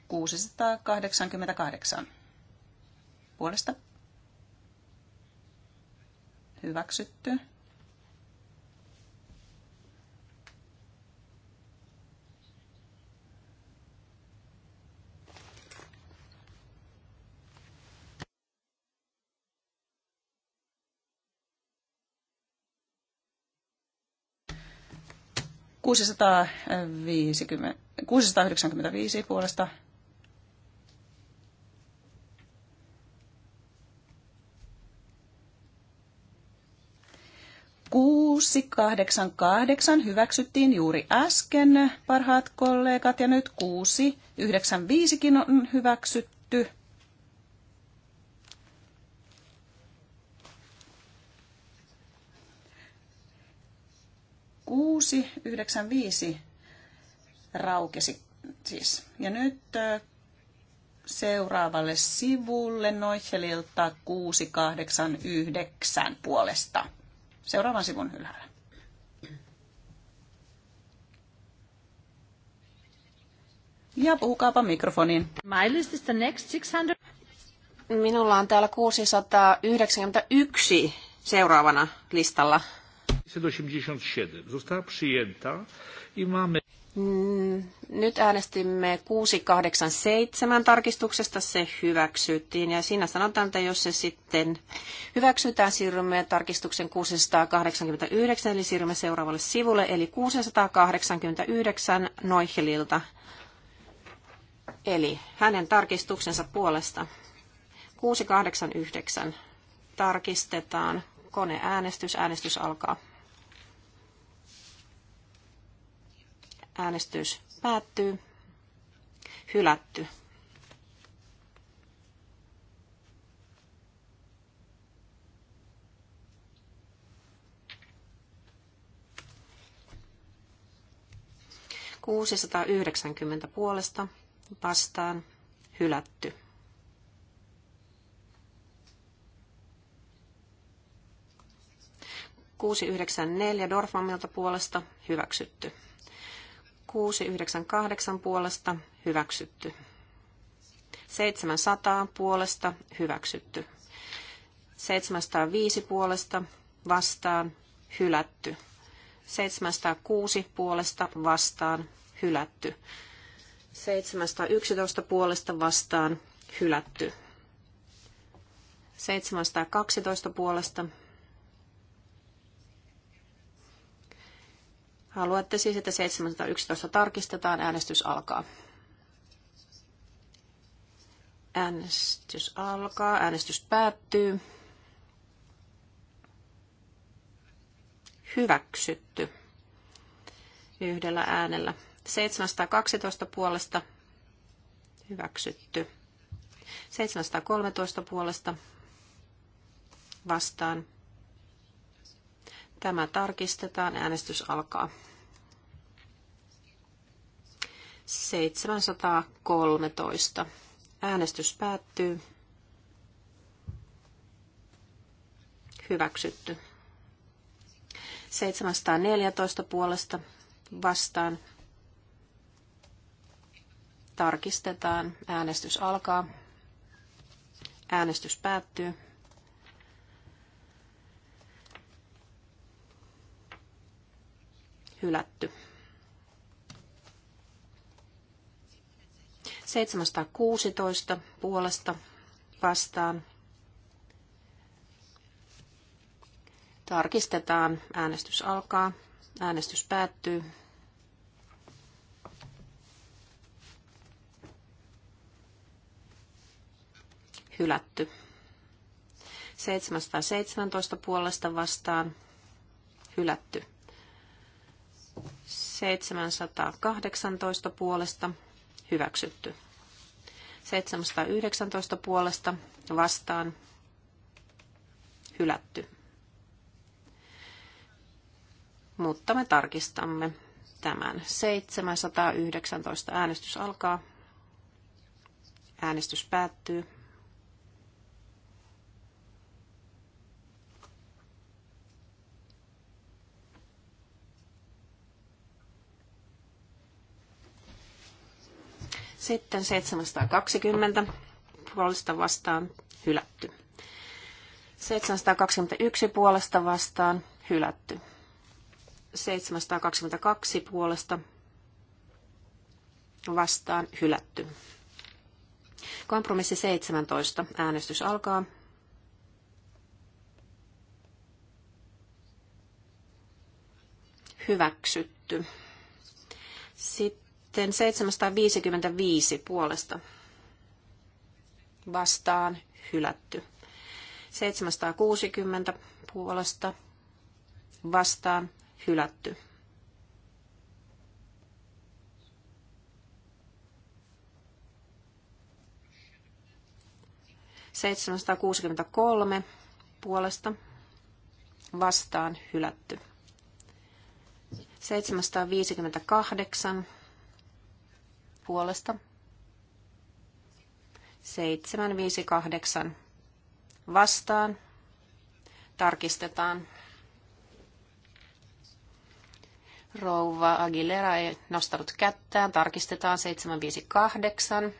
688 puolesta hyväksytty. 650, 695 puolesta Kuusi, kahdeksan, kahdeksan hyväksyttiin juuri äsken, parhaat kollegat, ja nyt kuusi, yhdeksän, viisikin on hyväksytty. 695 raukesi siis. Ja nyt seuraavalle sivulle Noichelilta 689 puolesta. Seuraavan sivun ylhäällä. Ja puhukaapa mikrofoniin. My list is the next 600. Minulla on täällä 691 seuraavana listalla. 187 została przyjęta i mamy... Mm, nyt äänestimme 687 tarkistuksesta, se hyväksyttiin ja siinä sanotaan, että jos se sitten hyväksytään, siirrymme tarkistuksen 689, eli siirrymme seuraavalle sivulle, eli 689 Noihililta, eli hänen tarkistuksensa puolesta. 689 tarkistetaan, koneäänestys, äänestys alkaa. Äänestys päättyy. Hylätty. Kuusisata yhdeksänkymmentä puolesta vastaan hylätty. Kuusi yhdeksän neljä Dorfamilta puolesta hyväksytty. 698 puolesta hyväksytty. 700 puolesta hyväksytty. 705 puolesta vastaan hylätty. 706 puolesta vastaan hylätty. 711 puolesta vastaan hylätty. 712 puolesta Haluatte siis, että 711 tarkistetaan. Äänestys alkaa. Äänestys alkaa. Äänestys päättyy. Hyväksytty yhdellä äänellä. 712 puolesta hyväksytty. 713 puolesta vastaan Tämä tarkistetaan. Äänestys alkaa. 713. Äänestys päättyy. Hyväksytty. 714 puolesta vastaan. Tarkistetaan. Äänestys alkaa. Äänestys päättyy. hylätty. 716 puolesta vastaan. Tarkistetaan. Äänestys alkaa. Äänestys päättyy. Hylätty. 717 puolesta vastaan. Hylätty. 718 puolesta hyväksytty. 719 puolesta vastaan hylätty. Mutta me tarkistamme tämän. 719 äänestys alkaa. Äänestys päättyy. Sitten 720 puolesta vastaan hylätty. 721 puolesta vastaan hylätty. 722 puolesta vastaan hylätty. Kompromissi 17. Äänestys alkaa. Hyväksytty. Sitten sitten 755 puolesta vastaan hylätty. 760 puolesta vastaan hylätty. kolme puolesta vastaan hylätty. kahdeksan puolesta. 758 vastaan. Tarkistetaan. Rouva Aguilera ei nostanut kättään. Tarkistetaan 758.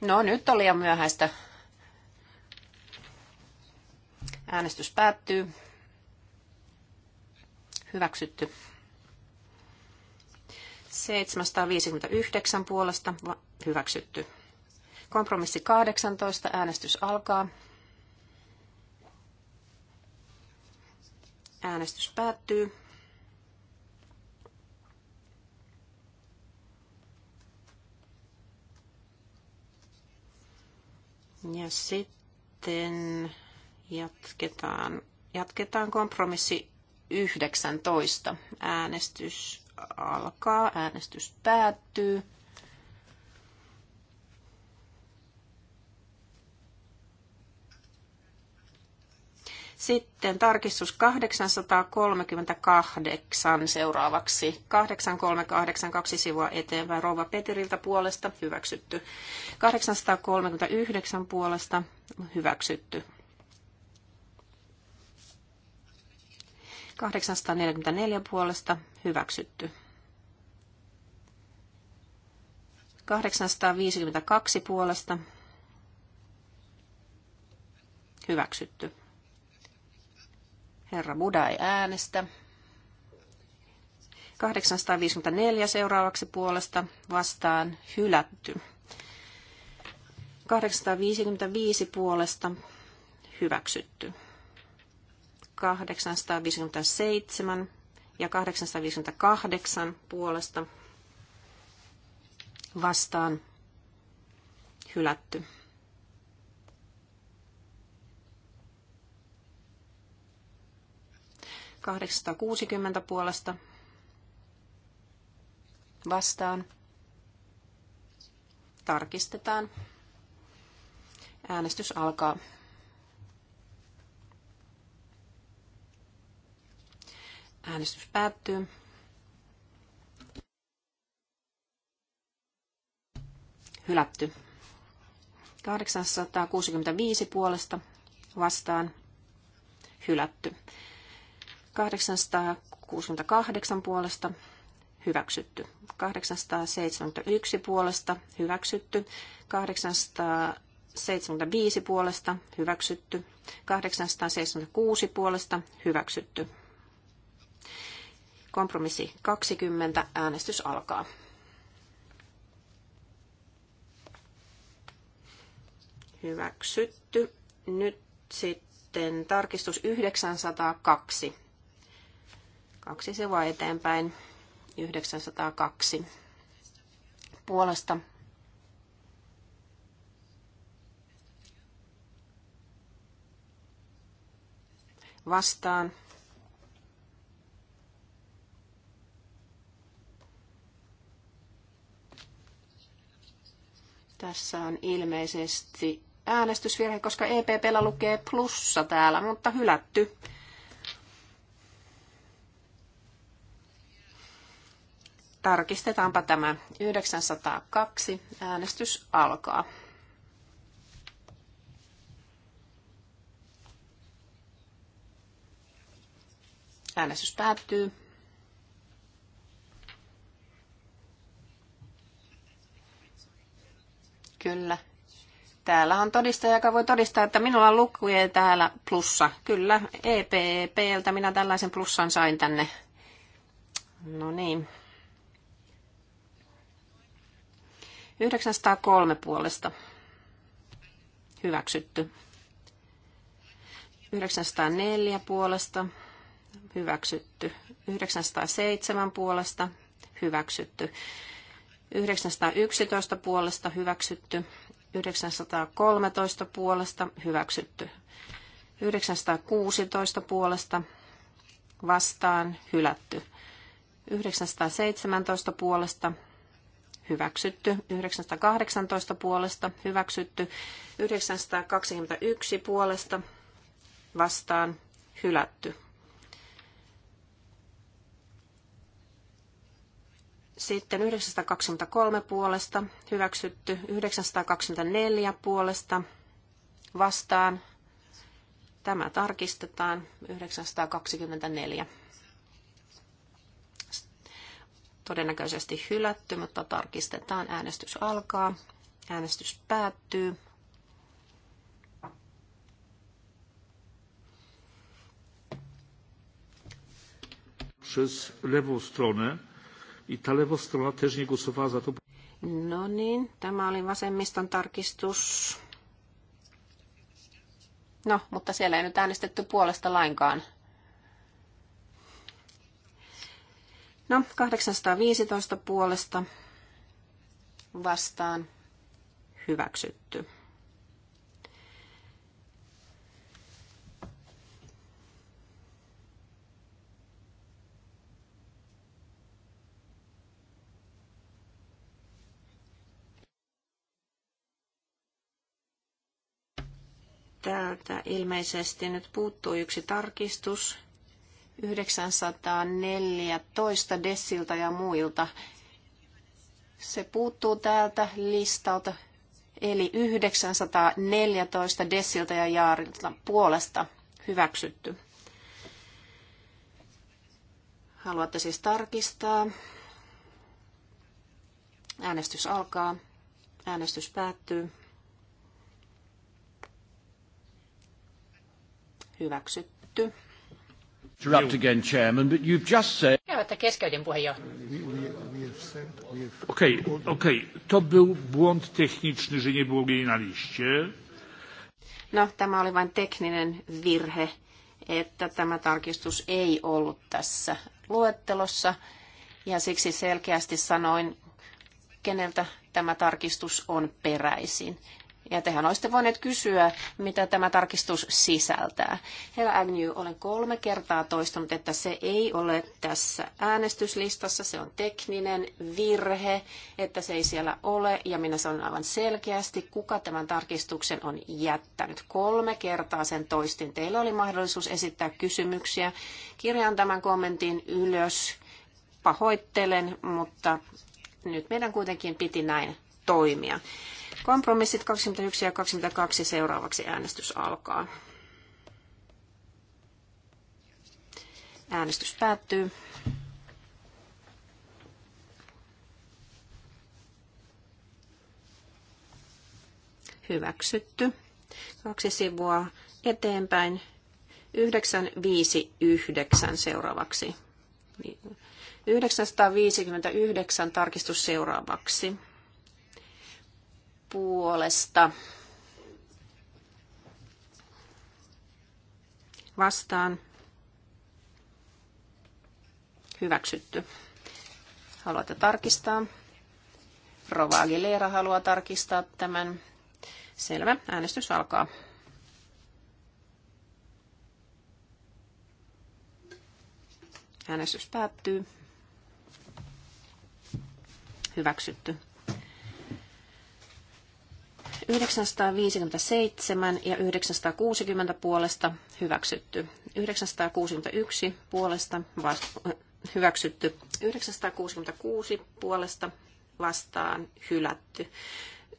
No nyt on liian myöhäistä. Äänestys päättyy. Hyväksytty. 759 puolesta hyväksytty. Kompromissi 18. Äänestys alkaa. Äänestys päättyy. Ja sitten jatketaan, jatketaan kompromissi 19. Äänestys alkaa, äänestys päättyy. Sitten tarkistus 838 seuraavaksi. 8382 sivua eteenpäin. rova Petiriltä puolesta hyväksytty. 839 puolesta hyväksytty. 844 puolesta hyväksytty. 852 puolesta hyväksytty. Herra Buda ei äänestä. 854 seuraavaksi puolesta vastaan hylätty. 855 puolesta hyväksytty. 857 ja 858 puolesta vastaan hylätty. kuusikymmentä puolesta vastaan. Tarkistetaan. Äänestys alkaa. Äänestys päättyy. Hylätty. 865 puolesta vastaan hylätty. 868 puolesta hyväksytty. 871 puolesta hyväksytty. 875 puolesta hyväksytty. 876 puolesta hyväksytty. Kompromissi 20. Äänestys alkaa. Hyväksytty. Nyt sitten tarkistus 902. Kaksi vaan eteenpäin. 902 puolesta. Vastaan Tässä on ilmeisesti äänestysvirhe, koska EPPllä lukee plussa täällä, mutta hylätty. Tarkistetaanpa tämä. 902 äänestys alkaa. Äänestys päättyy. Kyllä. Täällä on todistaja, joka voi todistaa, että minulla on lukuja täällä plussa. Kyllä, EPEPltä minä tällaisen plussan sain tänne. No niin. 903 puolesta. Hyväksytty. 904 puolesta. Hyväksytty. 907 puolesta. Hyväksytty. 911 puolesta hyväksytty, 913 puolesta hyväksytty, 916 puolesta vastaan hylätty, 917 puolesta hyväksytty, 918 puolesta hyväksytty, 921 puolesta vastaan hylätty. Sitten 923 puolesta hyväksytty, 924 puolesta vastaan. Tämä tarkistetaan, 924. Todennäköisesti hylätty, mutta tarkistetaan. Äänestys alkaa, äänestys päättyy. Przez lewą stronę I ta lewostrona też nie głosowała za to. No niin, tämä oli vasemmiston tarkistus. No, mutta siellä ei nyt äänestetty puolesta lainkaan. No, 815 puolesta vastaan hyväksytty. Täältä ilmeisesti nyt puuttuu yksi tarkistus 914 Dessilta ja muilta. Se puuttuu täältä listalta, eli 914 Dessilta ja Jaarilta puolesta hyväksytty. Haluatte siis tarkistaa. Äänestys alkaa. Äänestys päättyy. hyväksytty. Interrupt again, Chairman, but you've just said... Joo, että keskeytin puheenjohtaja. Okei, okei. No, tämä oli vain tekninen virhe, että tämä tarkistus ei ollut tässä luettelossa. Ja siksi selkeästi sanoin, keneltä tämä tarkistus on peräisin. Ja tehän olisitte voineet kysyä, mitä tämä tarkistus sisältää. Herra Agnew, olen kolme kertaa toistanut, että se ei ole tässä äänestyslistassa. Se on tekninen virhe, että se ei siellä ole. Ja minä sanon aivan selkeästi, kuka tämän tarkistuksen on jättänyt. Kolme kertaa sen toistin. Teillä oli mahdollisuus esittää kysymyksiä. Kirjaan tämän kommentin ylös. Pahoittelen, mutta nyt meidän kuitenkin piti näin toimia. Kompromissit 21 ja 22 seuraavaksi äänestys alkaa. Äänestys päättyy. Hyväksytty. Kaksi sivua eteenpäin. 959 seuraavaksi. 959 niin. tarkistus seuraavaksi puolesta vastaan hyväksytty. Haluatte tarkistaa? Rova Aguilera haluaa tarkistaa tämän. Selvä, äänestys alkaa. Äänestys päättyy. Hyväksytty. 957 ja 960 puolesta hyväksytty. 961 puolesta hyväksytty. 966 puolesta vastaan hylätty.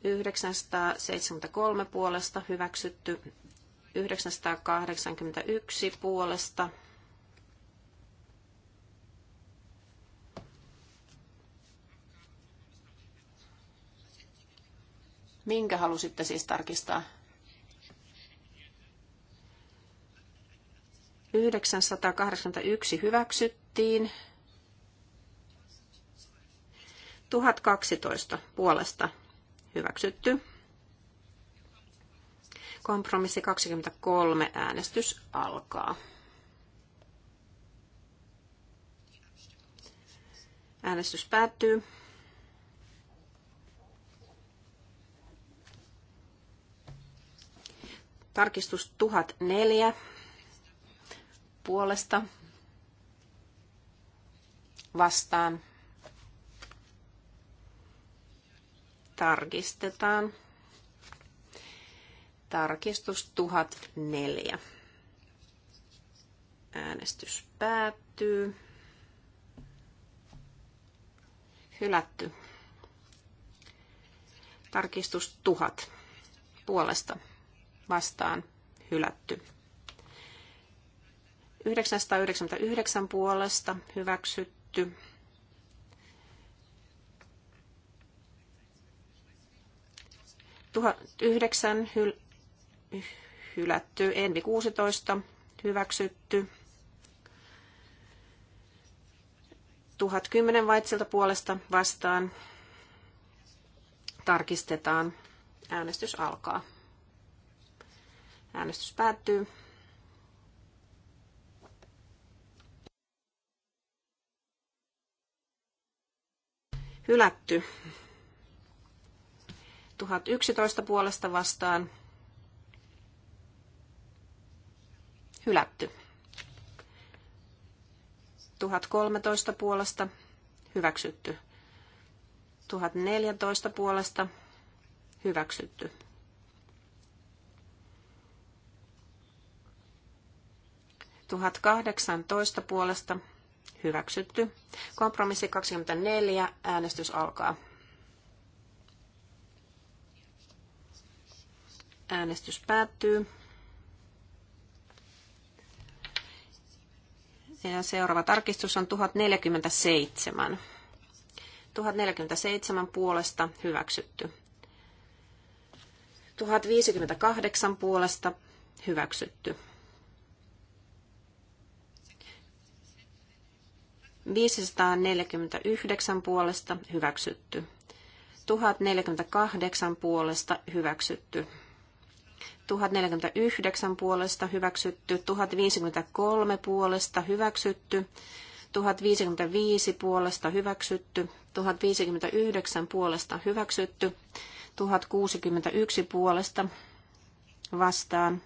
973 puolesta hyväksytty. 981 puolesta Minkä halusitte siis tarkistaa? 981 hyväksyttiin. 1012 puolesta hyväksytty. Kompromissi 23 äänestys alkaa. Äänestys päättyy. Tarkistus 1004 puolesta vastaan. Tarkistetaan. Tarkistus 1004. Äänestys päättyy. Hylätty. Tarkistus 1000 puolesta vastaan hylätty. 999 puolesta hyväksytty. Yhdeksän hyl- hylätty, Envi 16 hyväksytty. 1010 vaitsilta puolesta vastaan tarkistetaan. Äänestys alkaa. Äänestys päättyy. Hylätty. 1011 puolesta vastaan. Hylätty. 1013 puolesta hyväksytty. 1014 puolesta hyväksytty. 2018 puolesta hyväksytty. Kompromissi 24. Äänestys alkaa. Äänestys päättyy. Ja seuraava tarkistus on 1047. 1047 puolesta hyväksytty. 1058 puolesta hyväksytty. 549 puolesta hyväksytty. 1048 puolesta hyväksytty. 1049 puolesta hyväksytty, 1053 puolesta hyväksytty, 1055 puolesta hyväksytty, 1059 puolesta hyväksytty, 1061 puolesta vastaan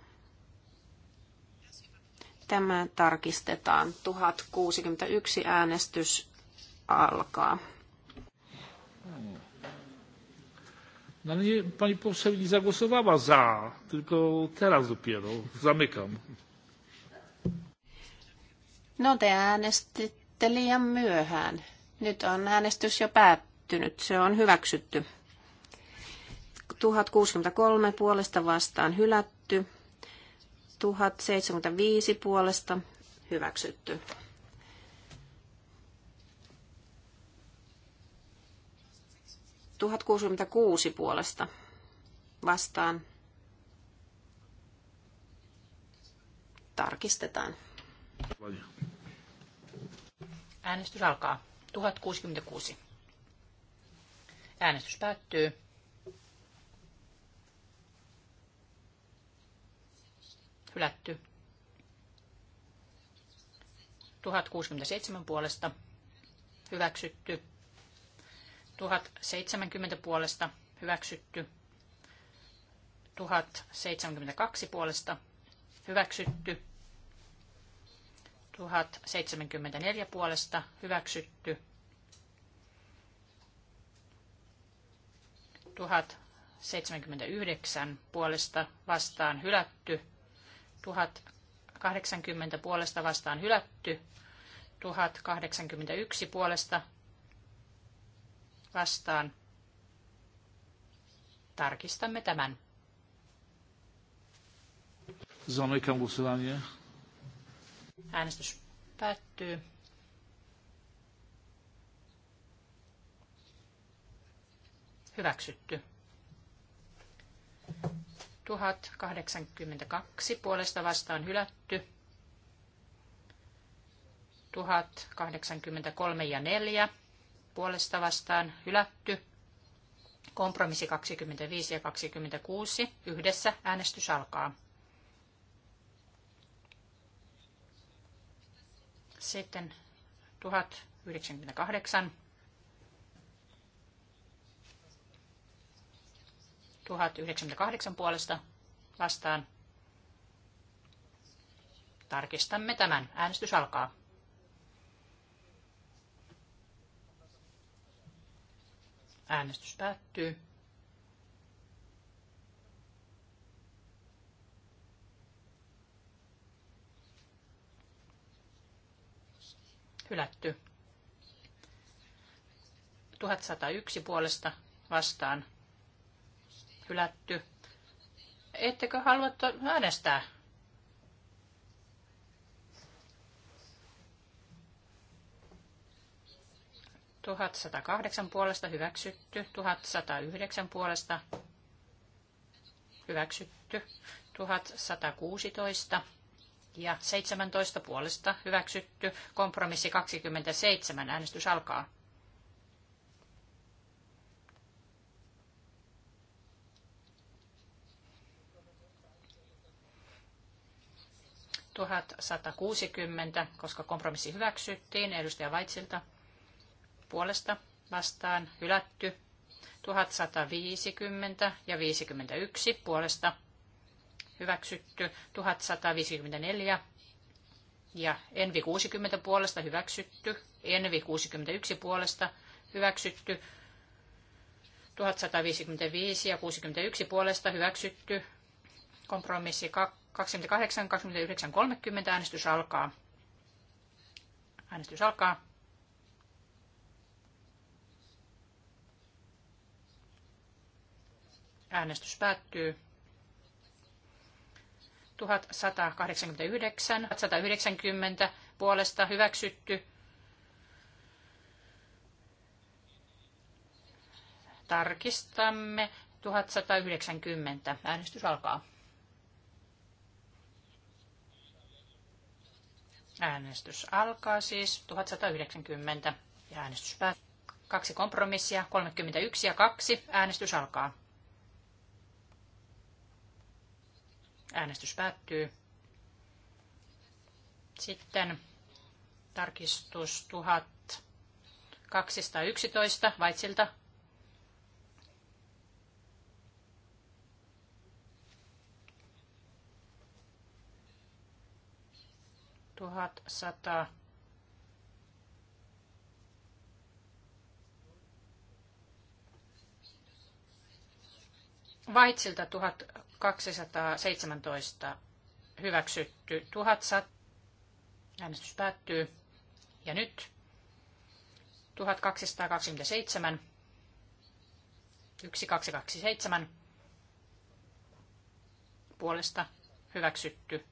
Tämä tarkistetaan. 1061 äänestys alkaa. No nie, pani poseł nie zagłosowała za, tylko teraz dopiero. Zamykam. No te äänestitte liian myöhään. Nyt on äänestys jo päättynyt. Se on hyväksytty. 1063 puolesta vastaan hylätty. 1075 puolesta hyväksytty. Tuhat kuusi puolesta vastaan tarkistetaan. Äänestys alkaa. 1066. Äänestys päättyy. hylätty. 1067 puolesta hyväksytty. 1070 puolesta hyväksytty. 1072 puolesta hyväksytty. 1074 puolesta hyväksytty. 1079 puolesta vastaan hylätty. 1080 puolesta vastaan hylätty. 1081 puolesta vastaan. Tarkistamme tämän. Zamykam głosowanie. Äänestys päättyy. Hyväksytty. 1082 puolesta vastaan hylätty. 1083 ja 4 puolesta vastaan hylätty. Kompromissi 25 ja 26. Yhdessä äänestys alkaa. Sitten 1098 1098 puolesta vastaan. Tarkistamme tämän. Äänestys alkaa. Äänestys päättyy. Hylätty. 1101 puolesta vastaan hylätty. Ettekö halua äänestää? Tuhat satakahdeksan puolesta hyväksytty, tuhat puolesta hyväksytty, tuhat ja 17 puolesta hyväksytty. Kompromissi 27. Äänestys alkaa. 1160, koska kompromissi hyväksyttiin edustaja Vaitsilta puolesta vastaan hylätty. 1150 ja 51 puolesta hyväksytty. 1154 ja Envi 60 puolesta hyväksytty. Envi 61 puolesta hyväksytty. 1155 ja 61 puolesta hyväksytty. Kompromissi 28, 29, 30. Äänestys alkaa. Äänestys alkaa. Äänestys päättyy. 1189, 190 puolesta hyväksytty. Tarkistamme 1190. Äänestys alkaa. Äänestys alkaa siis 1190 ja äänestys päättyy. Kaksi kompromissia, 31 ja 2. Äänestys alkaa. Äänestys päättyy. Sitten tarkistus 1211 Vaitsilta 1100 Vaitsilta 1217 hyväksytty 1100. Äänestys päättyy. Ja nyt 1227. 1227 puolesta hyväksytty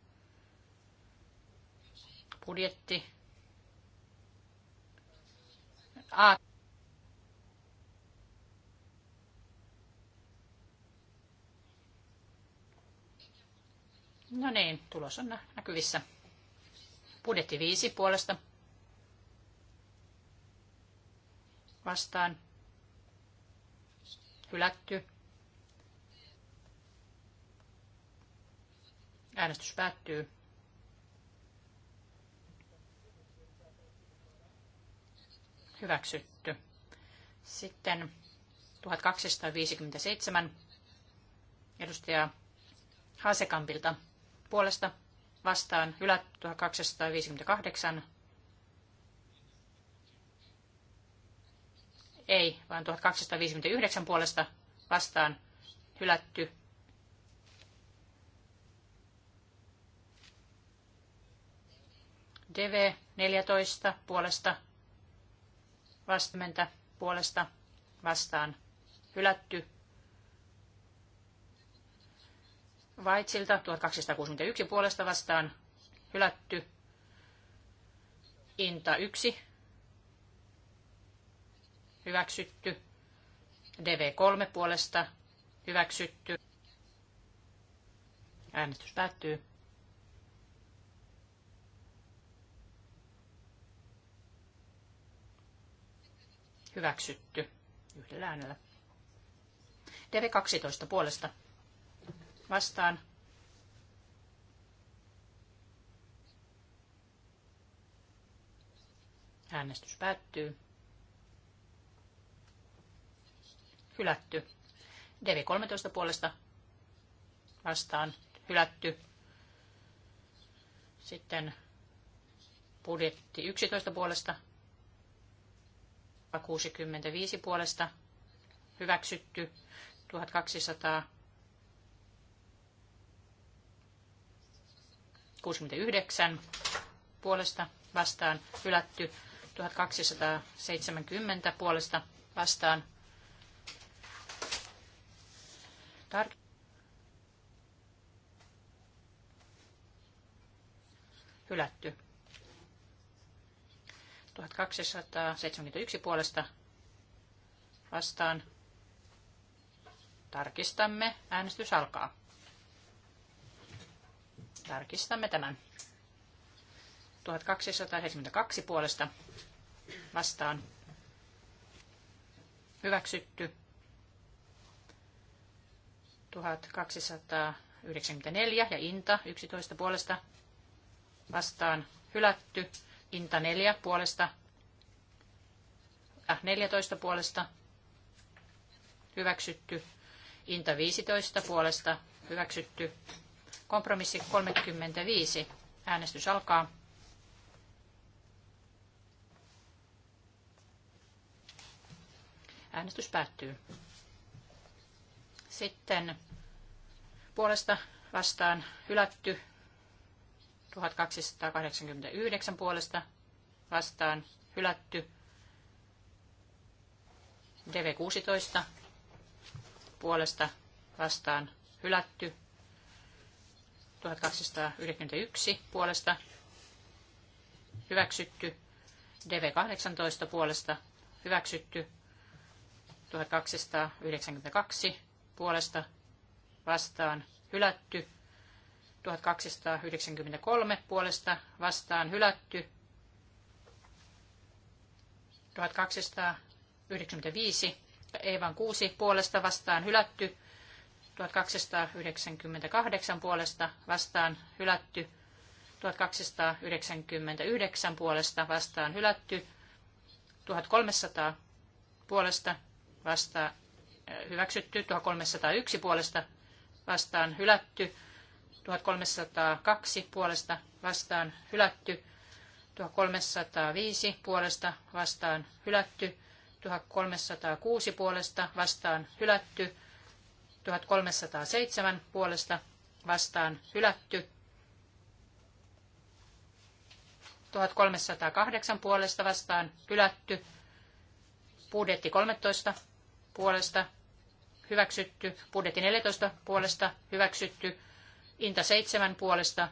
budjetti. A. No niin, tulos on näkyvissä. Budjetti viisi puolesta. Vastaan. Hylätty. Äänestys päättyy. hyväksytty. Sitten 1257 edustaja Hasekampilta puolesta vastaan ylä 1258. Ei, vaan 1259 puolesta vastaan hylätty DV 14 puolesta vastamenta puolesta vastaan hylätty. Vaitsilta 1261 puolesta vastaan hylätty. Inta 1 hyväksytty. DV3 puolesta hyväksytty. Äänestys päättyy. Hyväksytty. Yhdellä äänellä. DV12 puolesta. Vastaan. Äänestys päättyy. Hylätty. DV13 puolesta. Vastaan. Hylätty. Sitten budjetti 11 puolesta 65 puolesta hyväksytty 1269 puolesta vastaan hylätty 1270 puolesta vastaan tar- hylätty 1271 puolesta vastaan. Tarkistamme. Äänestys alkaa. Tarkistamme tämän. 1272 puolesta vastaan. Hyväksytty. 1294 ja Inta 11 puolesta vastaan hylätty. Inta 4 puolesta. Äh, 14 puolesta. Hyväksytty. Inta 15 puolesta. Hyväksytty. Kompromissi 35. Äänestys alkaa. Äänestys päättyy. Sitten puolesta vastaan hylätty 1289 puolesta vastaan hylätty. DV16 puolesta vastaan hylätty. 1291 puolesta hyväksytty. DV18 puolesta hyväksytty. 1292 puolesta vastaan hylätty. 1293 puolesta vastaan hylätty. 1295, ei vaan 6 puolesta vastaan hylätty. 1298 puolesta vastaan hylätty. 1299 puolesta vastaan hylätty. 1300 puolesta vastaan hyväksytty. 1301 puolesta vastaan hylätty. 1302 puolesta vastaan hylätty, 1305 puolesta vastaan hylätty, 1306 puolesta vastaan hylätty, 1307 puolesta vastaan hylätty, 1308 puolesta vastaan hylätty, budjetti 13 puolesta hyväksytty, budjetti 14 puolesta hyväksytty, Inta 7 puolesta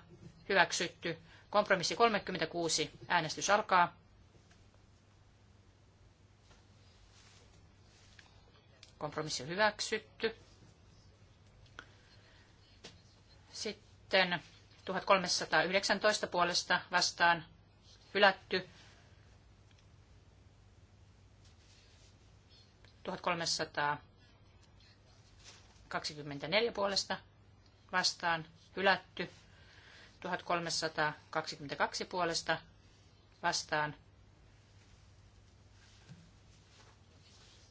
hyväksytty. Kompromissi 36. Äänestys alkaa. Kompromissi on hyväksytty. Sitten 1319 puolesta vastaan hylätty. 1324 puolesta vastaan hylätty. 1322 puolesta vastaan.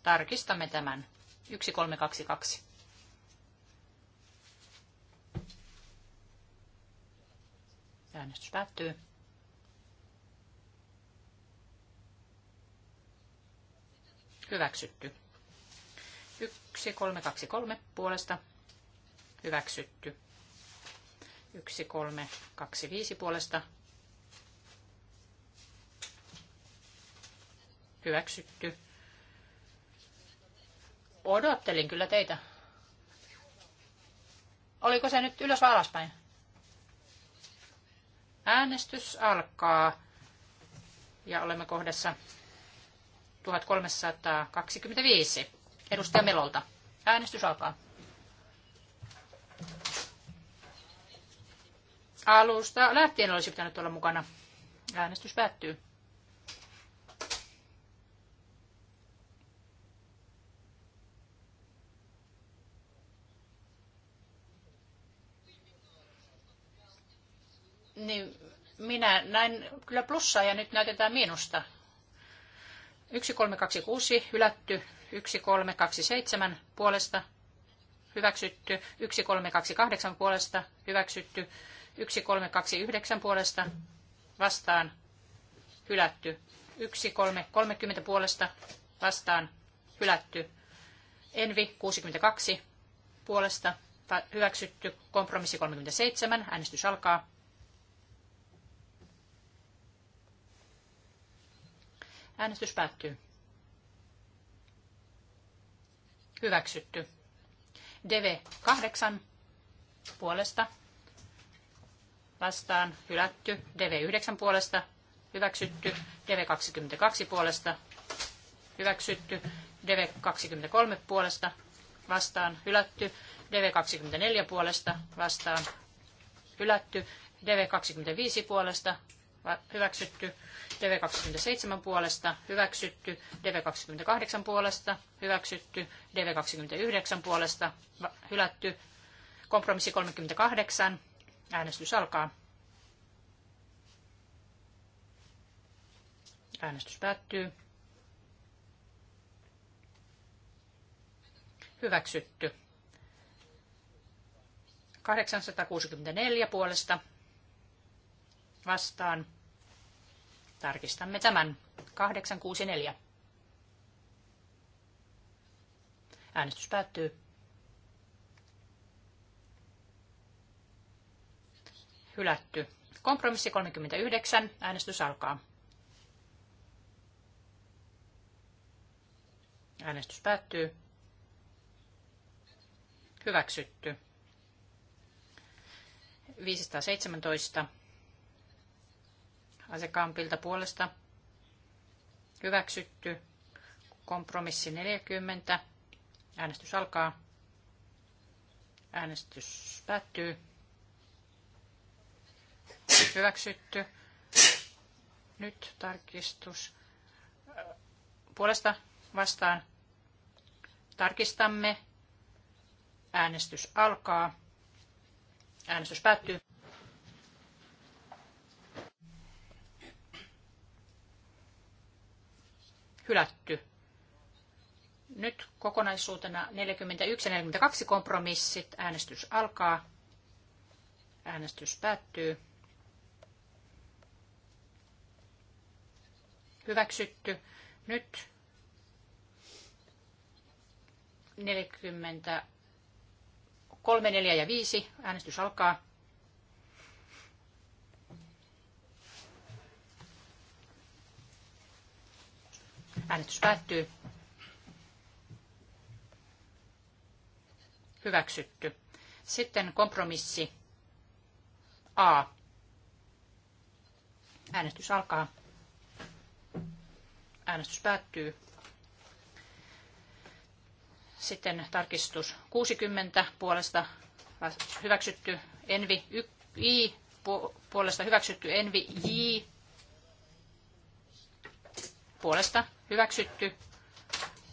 Tarkistamme tämän. 1322. Äänestys päättyy. Hyväksytty. 1323 puolesta. Hyväksytty. 1325 puolesta. Hyväksytty. Odottelin kyllä teitä. Oliko se nyt ylös vai alaspäin? Äänestys alkaa ja olemme kohdassa 1325. Edustaja Melolta. Äänestys alkaa. Alusta lähtien olisi pitänyt olla mukana. Äänestys päättyy. Niin, minä näin kyllä plussaa ja nyt näytetään miinusta. 1326 hylätty, 1327 puolesta hyväksytty, 1328 puolesta hyväksytty, 1329 puolesta vastaan hylätty. 1330 puolesta vastaan hylätty. Envi 62 puolesta hyväksytty. Kompromissi 37. Äänestys alkaa. Äänestys päättyy. Hyväksytty. DV 8 puolesta vastaan hylätty, DV9 puolesta hyväksytty, DV22 puolesta hyväksytty, DV23 puolesta vastaan hylätty, DV24 puolesta vastaan hylätty, DV25 puolesta hyväksytty, DV27 puolesta hyväksytty, DV28 puolesta hyväksytty, DV29 puolesta hylätty, kompromissi 38 Äänestys alkaa. Äänestys päättyy. Hyväksytty. 864 puolesta vastaan. Tarkistamme tämän. 864. Äänestys päättyy. hylätty. Kompromissi 39. Äänestys alkaa. Äänestys päättyy. Hyväksytty. 517. Asekampilta puolesta. Hyväksytty. Kompromissi 40. Äänestys alkaa. Äänestys päättyy. Siis hyväksytty. Nyt tarkistus puolesta vastaan. Tarkistamme. Äänestys alkaa. Äänestys päättyy. Hylätty. Nyt kokonaisuutena 41-42 kompromissit. Äänestys alkaa. Äänestys päättyy. hyväksytty. Nyt 40, 3, 4 ja 5. Äänestys alkaa. Äänestys päättyy. Hyväksytty. Sitten kompromissi A. Äänestys alkaa. Äänestys päättyy. Sitten tarkistus 60 puolesta hyväksytty Envi I, puolesta hyväksytty Envi J, puolesta hyväksytty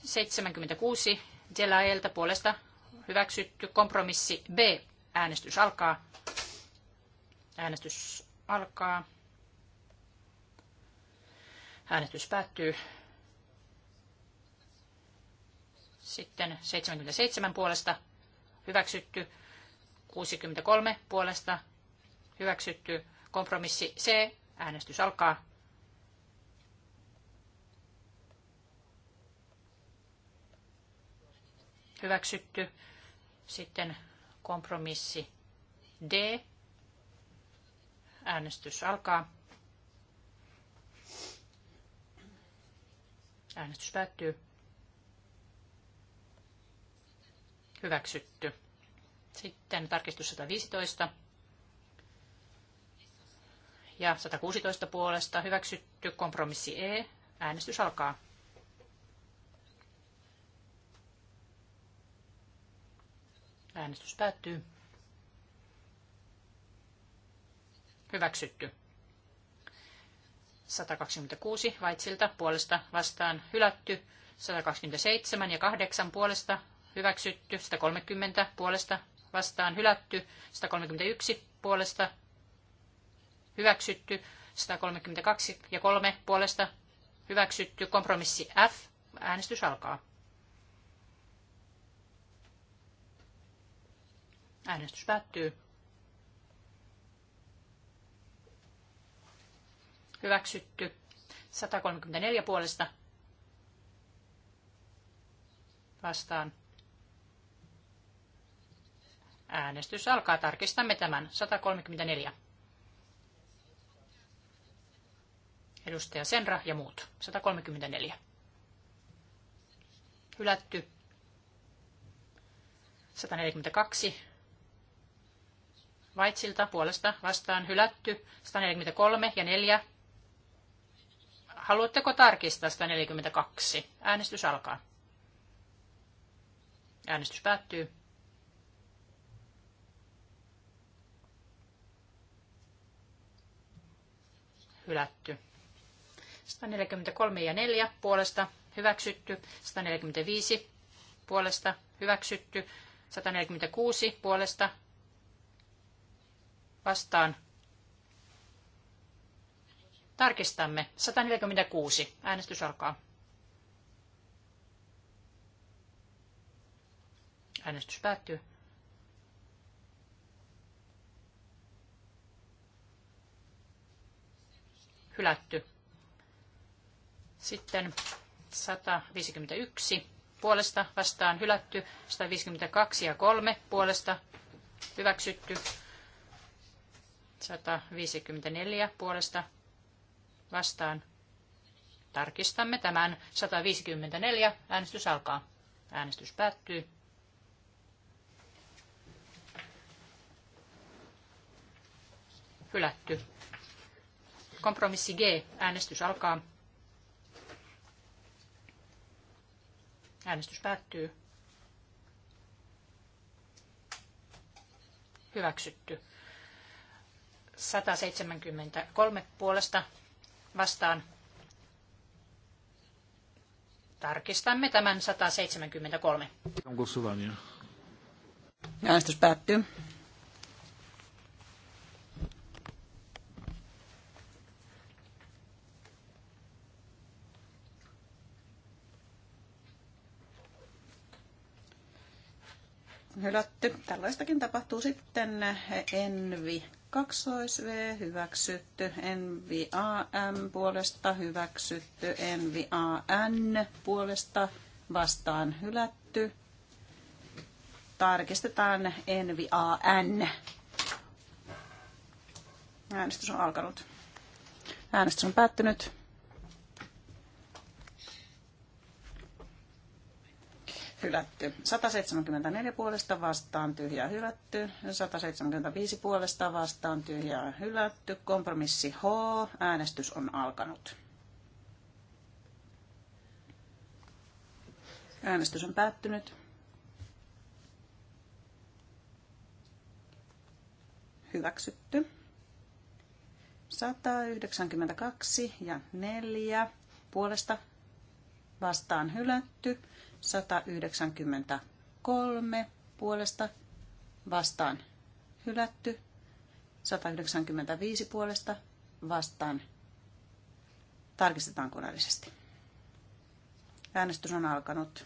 76, Jelaelta puolesta hyväksytty kompromissi B. Äänestys alkaa. Äänestys alkaa. Äänestys päättyy. Sitten 77 puolesta hyväksytty, 63 puolesta hyväksytty, kompromissi C, äänestys alkaa. Hyväksytty, sitten kompromissi D, äänestys alkaa. Äänestys päättyy. Hyväksytty. Sitten tarkistus 115 ja 116 puolesta hyväksytty kompromissi E. Äänestys alkaa. Äänestys päättyy. Hyväksytty. 126 Vaitsilta puolesta vastaan hylätty, 127 ja 8 puolesta hyväksytty, 130 puolesta vastaan hylätty, 131 puolesta hyväksytty, 132 ja 3 puolesta hyväksytty, kompromissi F, äänestys alkaa. Äänestys päättyy. Hyväksytty. 134 puolesta. Vastaan. Äänestys alkaa. Tarkistamme tämän. 134. Edustaja Senra ja muut. 134. Hylätty. 142. Vaitsilta puolesta vastaan hylätty. 143 ja 4 Haluatteko tarkistaa 142? Äänestys alkaa. Äänestys päättyy. Hylätty. 143 ja 4 puolesta hyväksytty. 145 puolesta hyväksytty. 146 puolesta vastaan Tarkistamme. 146. Äänestys alkaa. Äänestys päättyy. Hylätty. Sitten 151 puolesta vastaan hylätty, 152 ja 3 puolesta hyväksytty, 154 puolesta vastaan. Tarkistamme tämän 154. Äänestys alkaa. Äänestys päättyy. Hylätty. Kompromissi G. Äänestys alkaa. Äänestys päättyy. Hyväksytty. 173 puolesta vastaan. Tarkistamme tämän 173. Onko suvania? Äänestys päättyy. hylätty. Tällaistakin tapahtuu sitten Envi Kaksois V hyväksytty, AM puolesta hyväksytty, NVAN puolesta vastaan hylätty. Tarkistetaan NVAN. Äänestys on alkanut. Äänestys on päättynyt. hylätty. 174 puolesta vastaan tyhjä hylätty. 175 puolesta vastaan tyhjä hylätty. Kompromissi H. Äänestys on alkanut. Äänestys on päättynyt. Hyväksytty. 192 ja 4 puolesta vastaan hylätty. 193 puolesta vastaan hylätty. 195 puolesta vastaan tarkistetaan koneellisesti. Äänestys on alkanut.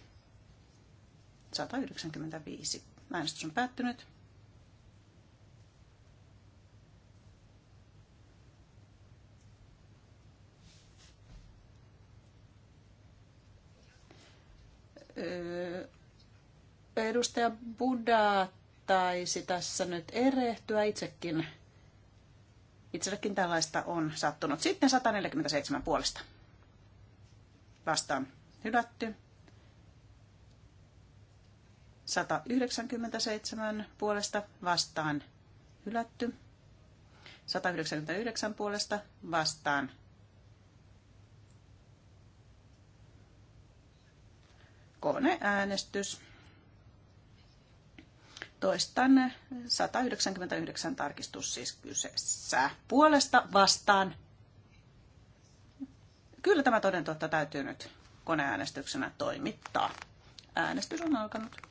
195. Äänestys on päättynyt. Edustaja Buddha taisi tässä nyt erehtyä itsekin. Itsellekin tällaista on sattunut. Sitten 147 puolesta. Vastaan hylätty. 197 puolesta vastaan hylätty. 199 puolesta vastaan Koneäänestys. Toistan 199 tarkistus siis kyseessä. Puolesta vastaan. Kyllä tämä toden totta täytyy nyt koneäänestyksenä toimittaa. Äänestys on alkanut.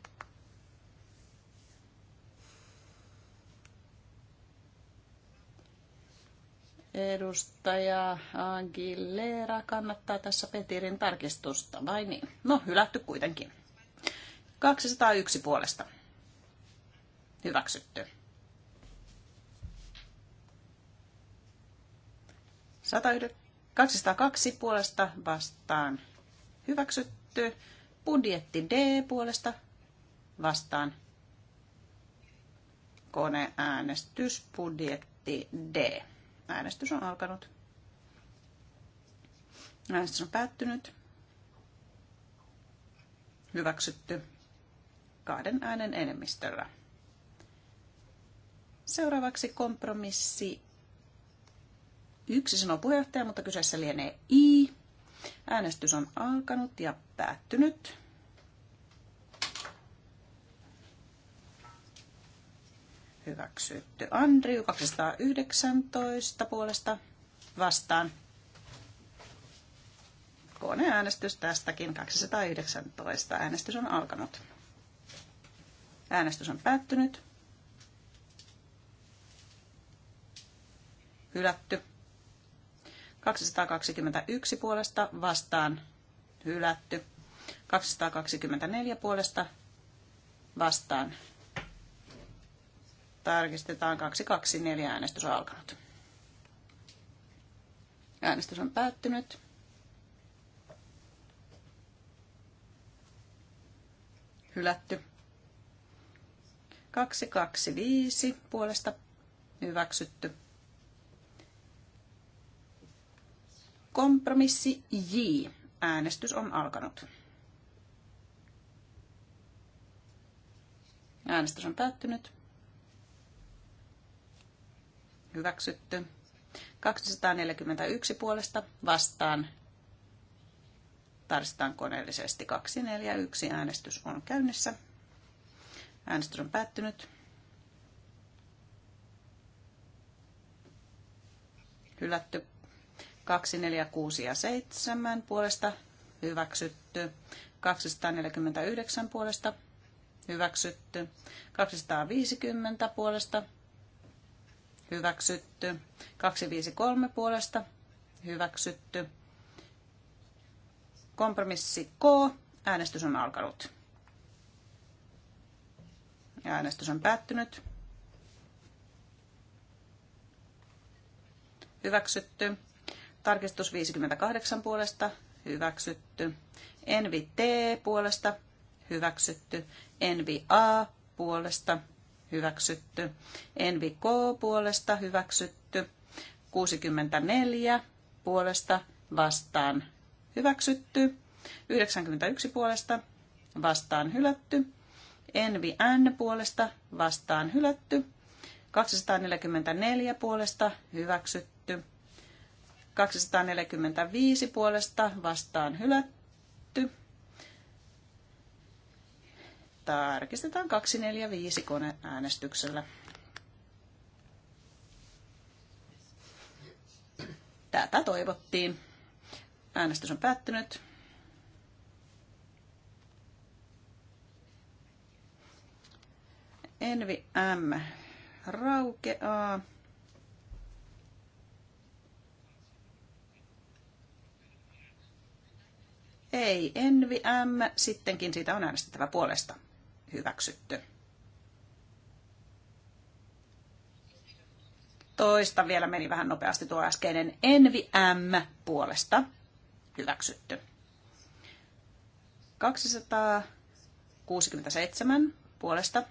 Edustaja Aguilera kannattaa tässä Petirin tarkistusta, vai niin? No, hylätty kuitenkin. 201 puolesta. Hyväksytty. 202 puolesta vastaan. Hyväksytty. Budjetti D puolesta vastaan. Koneäänestys, budjetti D. Äänestys on alkanut. Äänestys on päättynyt. Hyväksytty kahden äänen enemmistöllä. Seuraavaksi kompromissi. Yksi sanoo puheenjohtaja, mutta kyseessä lienee I. Äänestys on alkanut ja päättynyt. hyväksytty. Andri 219 puolesta vastaan. Koneäänestys tästäkin 219. Äänestys on alkanut. Äänestys on päättynyt. Hylätty. 221 puolesta vastaan hylätty. 224 puolesta vastaan tarkistetaan 224 äänestys on alkanut. Äänestys on päättynyt. Hylätty. 225 puolesta hyväksytty. Kompromissi J. Äänestys on alkanut. Äänestys on päättynyt. Hyväksytty. 241 puolesta vastaan. tarkistetaan koneellisesti 241. Äänestys on käynnissä. Äänestys on päättynyt. Hylätty. 246 ja 7 puolesta hyväksytty. 249 puolesta hyväksytty. 250 puolesta hyväksytty. 253 puolesta hyväksytty. Kompromissi K. Äänestys on alkanut. Äänestys on päättynyt. Hyväksytty. Tarkistus 58 puolesta hyväksytty. Envi T puolesta hyväksytty. Envi A puolesta hyväksytty. Envi K puolesta hyväksytty. 64 puolesta vastaan hyväksytty. 91 puolesta vastaan hylätty. Envi N puolesta vastaan hylätty. 244 puolesta hyväksytty. 245 puolesta vastaan hylätty tarkistetaan 245 koneäänestyksellä. Tätä toivottiin. Äänestys on päättynyt. Envi M. Raukeaa. Ei, Envi M. Sittenkin siitä on äänestettävä puolesta hyväksytty. Toista vielä meni vähän nopeasti tuo äskeinen NVM puolesta hyväksytty. 267 puolesta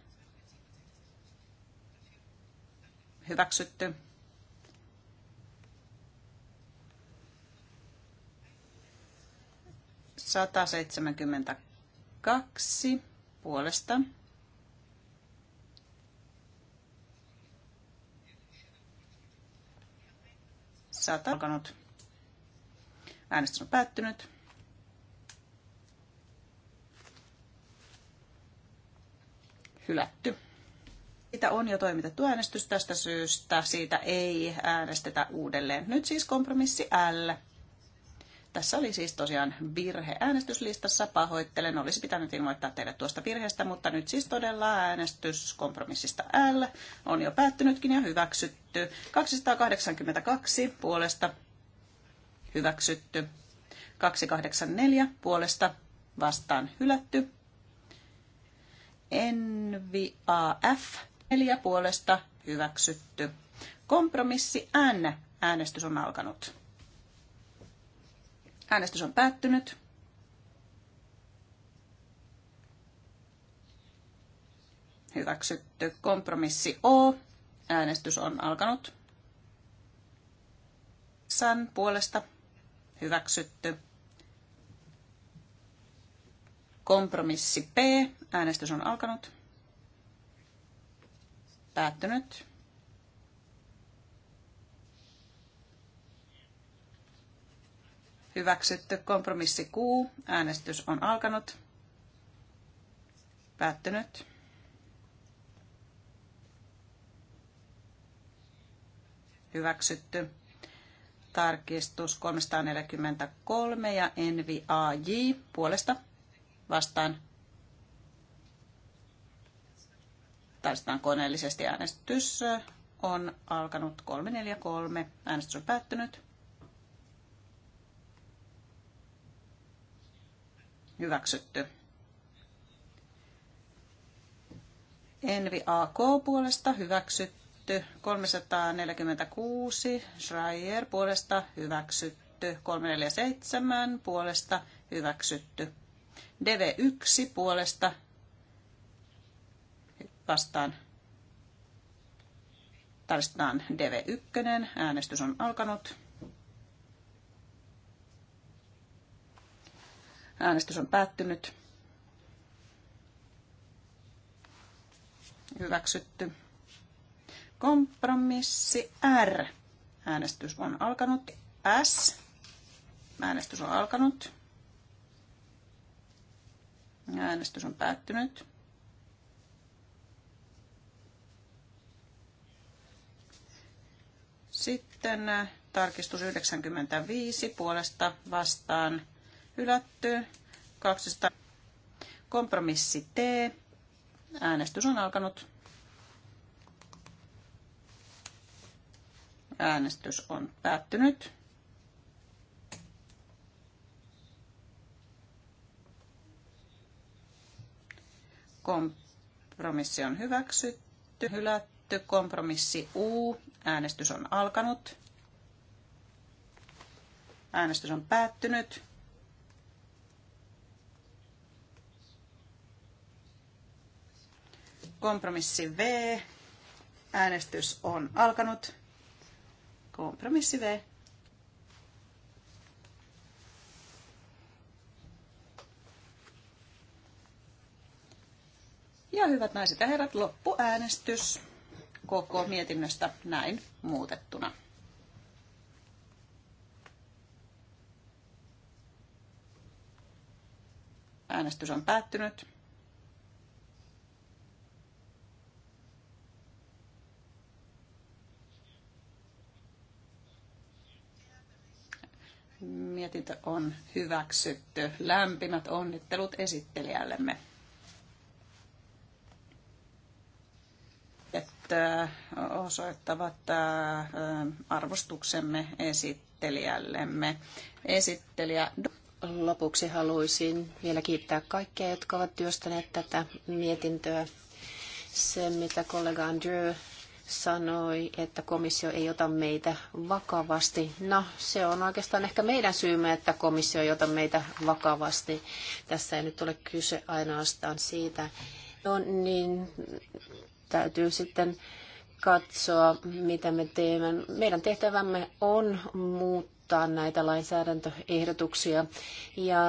hyväksytty. Sata seitsemänkymmentä kaksi puolesta. Sata alkanut. Äänestys on päättynyt. Hylätty. Siitä on jo toimitettu äänestys tästä syystä. Siitä ei äänestetä uudelleen. Nyt siis kompromissi L tässä oli siis tosiaan virhe äänestyslistassa. Pahoittelen, olisi pitänyt ilmoittaa teille tuosta virheestä, mutta nyt siis todella äänestys kompromissista L on jo päättynytkin ja hyväksytty. 282 puolesta hyväksytty. 284 puolesta vastaan hylätty. NVAF 4 puolesta hyväksytty. Kompromissi N. Äänestys on alkanut. Äänestys on päättynyt. Hyväksytty kompromissi O. Äänestys on alkanut. San puolesta. Hyväksytty. Kompromissi P. Äänestys on alkanut. Päättynyt. Hyväksytty. Kompromissi Q. Äänestys on alkanut. Päättynyt. Hyväksytty. Tarkistus 343 ja Envi AJ puolesta vastaan. Tarkistetaan koneellisesti äänestys on alkanut 343. Äänestys on päättynyt. Hyväksytty. Envi AK puolesta hyväksytty. 346 Schreier puolesta hyväksytty. 347 puolesta hyväksytty. DV1 puolesta vastaan tarvitaan DV1. Äänestys on alkanut. Äänestys on päättynyt. Hyväksytty. Kompromissi R. Äänestys on alkanut. S. Äänestys on alkanut. Äänestys on päättynyt. Sitten äh, tarkistus 95 puolesta vastaan hylätty. 200. Kompromissi T. Äänestys on alkanut. Äänestys on päättynyt. Kompromissi on hyväksytty, hylätty. Kompromissi U. Äänestys on alkanut. Äänestys on päättynyt. Kompromissi V. Äänestys on alkanut. Kompromissi V. Ja hyvät naiset ja herrat, loppuäänestys koko mietinnöstä näin muutettuna. Äänestys on päättynyt. Mietintö on hyväksytty. Lämpimät onnittelut esittelijällemme. että äh, osoittavat äh, arvostuksemme esittelijällemme. Esittelijä Lopuksi haluaisin vielä kiittää kaikkia, jotka ovat työstäneet tätä mietintöä. Se, mitä kollega Andrew sanoi, että komissio ei ota meitä vakavasti. No, se on oikeastaan ehkä meidän syymme, että komissio ei ota meitä vakavasti. Tässä ei nyt ole kyse ainoastaan siitä. No, niin täytyy sitten katsoa, mitä me teemme. Meidän tehtävämme on muuttaa näitä lainsäädäntöehdotuksia ja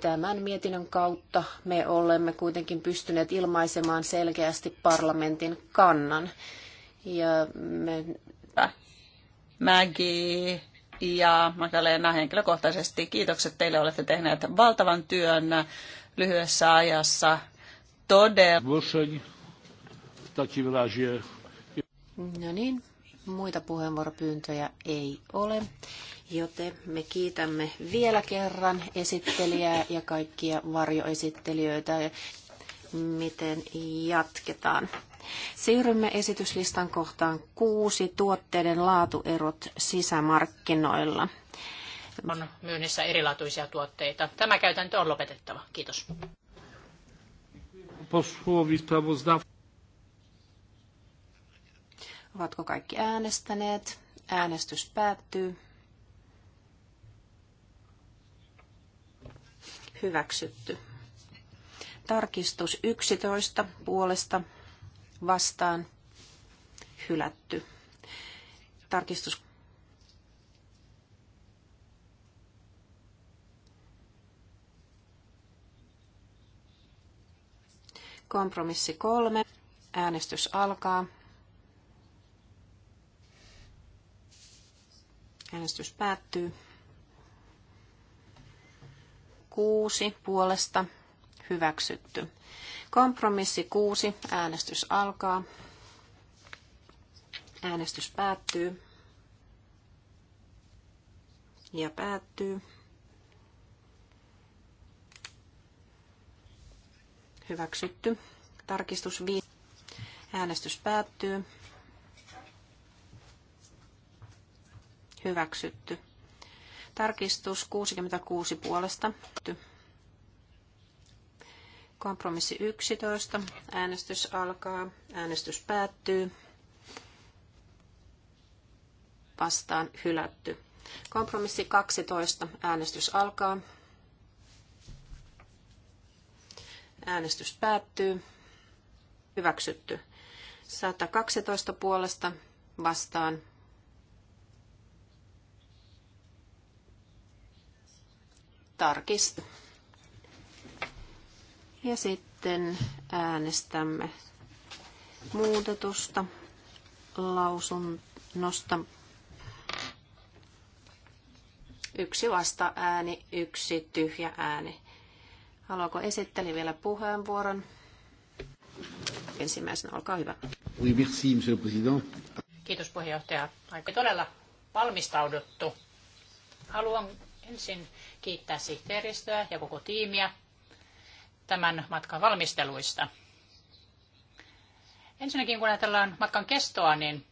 tämän mietinnön kautta me olemme kuitenkin pystyneet ilmaisemaan selkeästi parlamentin kannan ja me äh, Maggie ja Magdalena henkilökohtaisesti. Kiitokset teille, olette tehneet valtavan työn lyhyessä ajassa. Todella. No niin, muita puheenvuoropyyntöjä ei ole, joten me kiitämme vielä kerran esittelijää ja kaikkia varjoesittelijöitä, miten jatketaan. Siirrymme esityslistan kohtaan kuusi tuotteiden laatuerot sisämarkkinoilla. On myynnissä erilaatuisia tuotteita. Tämä käytäntö on lopetettava. Kiitos. Ovatko kaikki äänestäneet? Äänestys päättyy. Hyväksytty. Tarkistus 11 puolesta vastaan hylätty. Tarkistus Kompromissi kolme. Äänestys alkaa. Äänestys päättyy. Kuusi puolesta hyväksytty. Kompromissi 6. Äänestys alkaa. Äänestys päättyy. Ja päättyy. Hyväksytty. Tarkistus 5. Äänestys päättyy. Hyväksytty. Tarkistus 66 puolesta. Kompromissi 11. Äänestys alkaa. Äänestys päättyy. Vastaan hylätty. Kompromissi 12. Äänestys alkaa. Äänestys päättyy. Hyväksytty. 112 puolesta vastaan. Tarkista. Ja sitten äänestämme muutetusta lausunnosta. Yksi vasta ääni, yksi tyhjä ääni. Haluaako esitteli vielä puheenvuoron? Ensimmäisenä, olkaa hyvä. Kiitos puheenjohtaja. Aika todella valmistauduttu. Haluan ensin kiittää sihteeristöä ja koko tiimiä tämän matkan valmisteluista. Ensinnäkin kun ajatellaan matkan kestoa, niin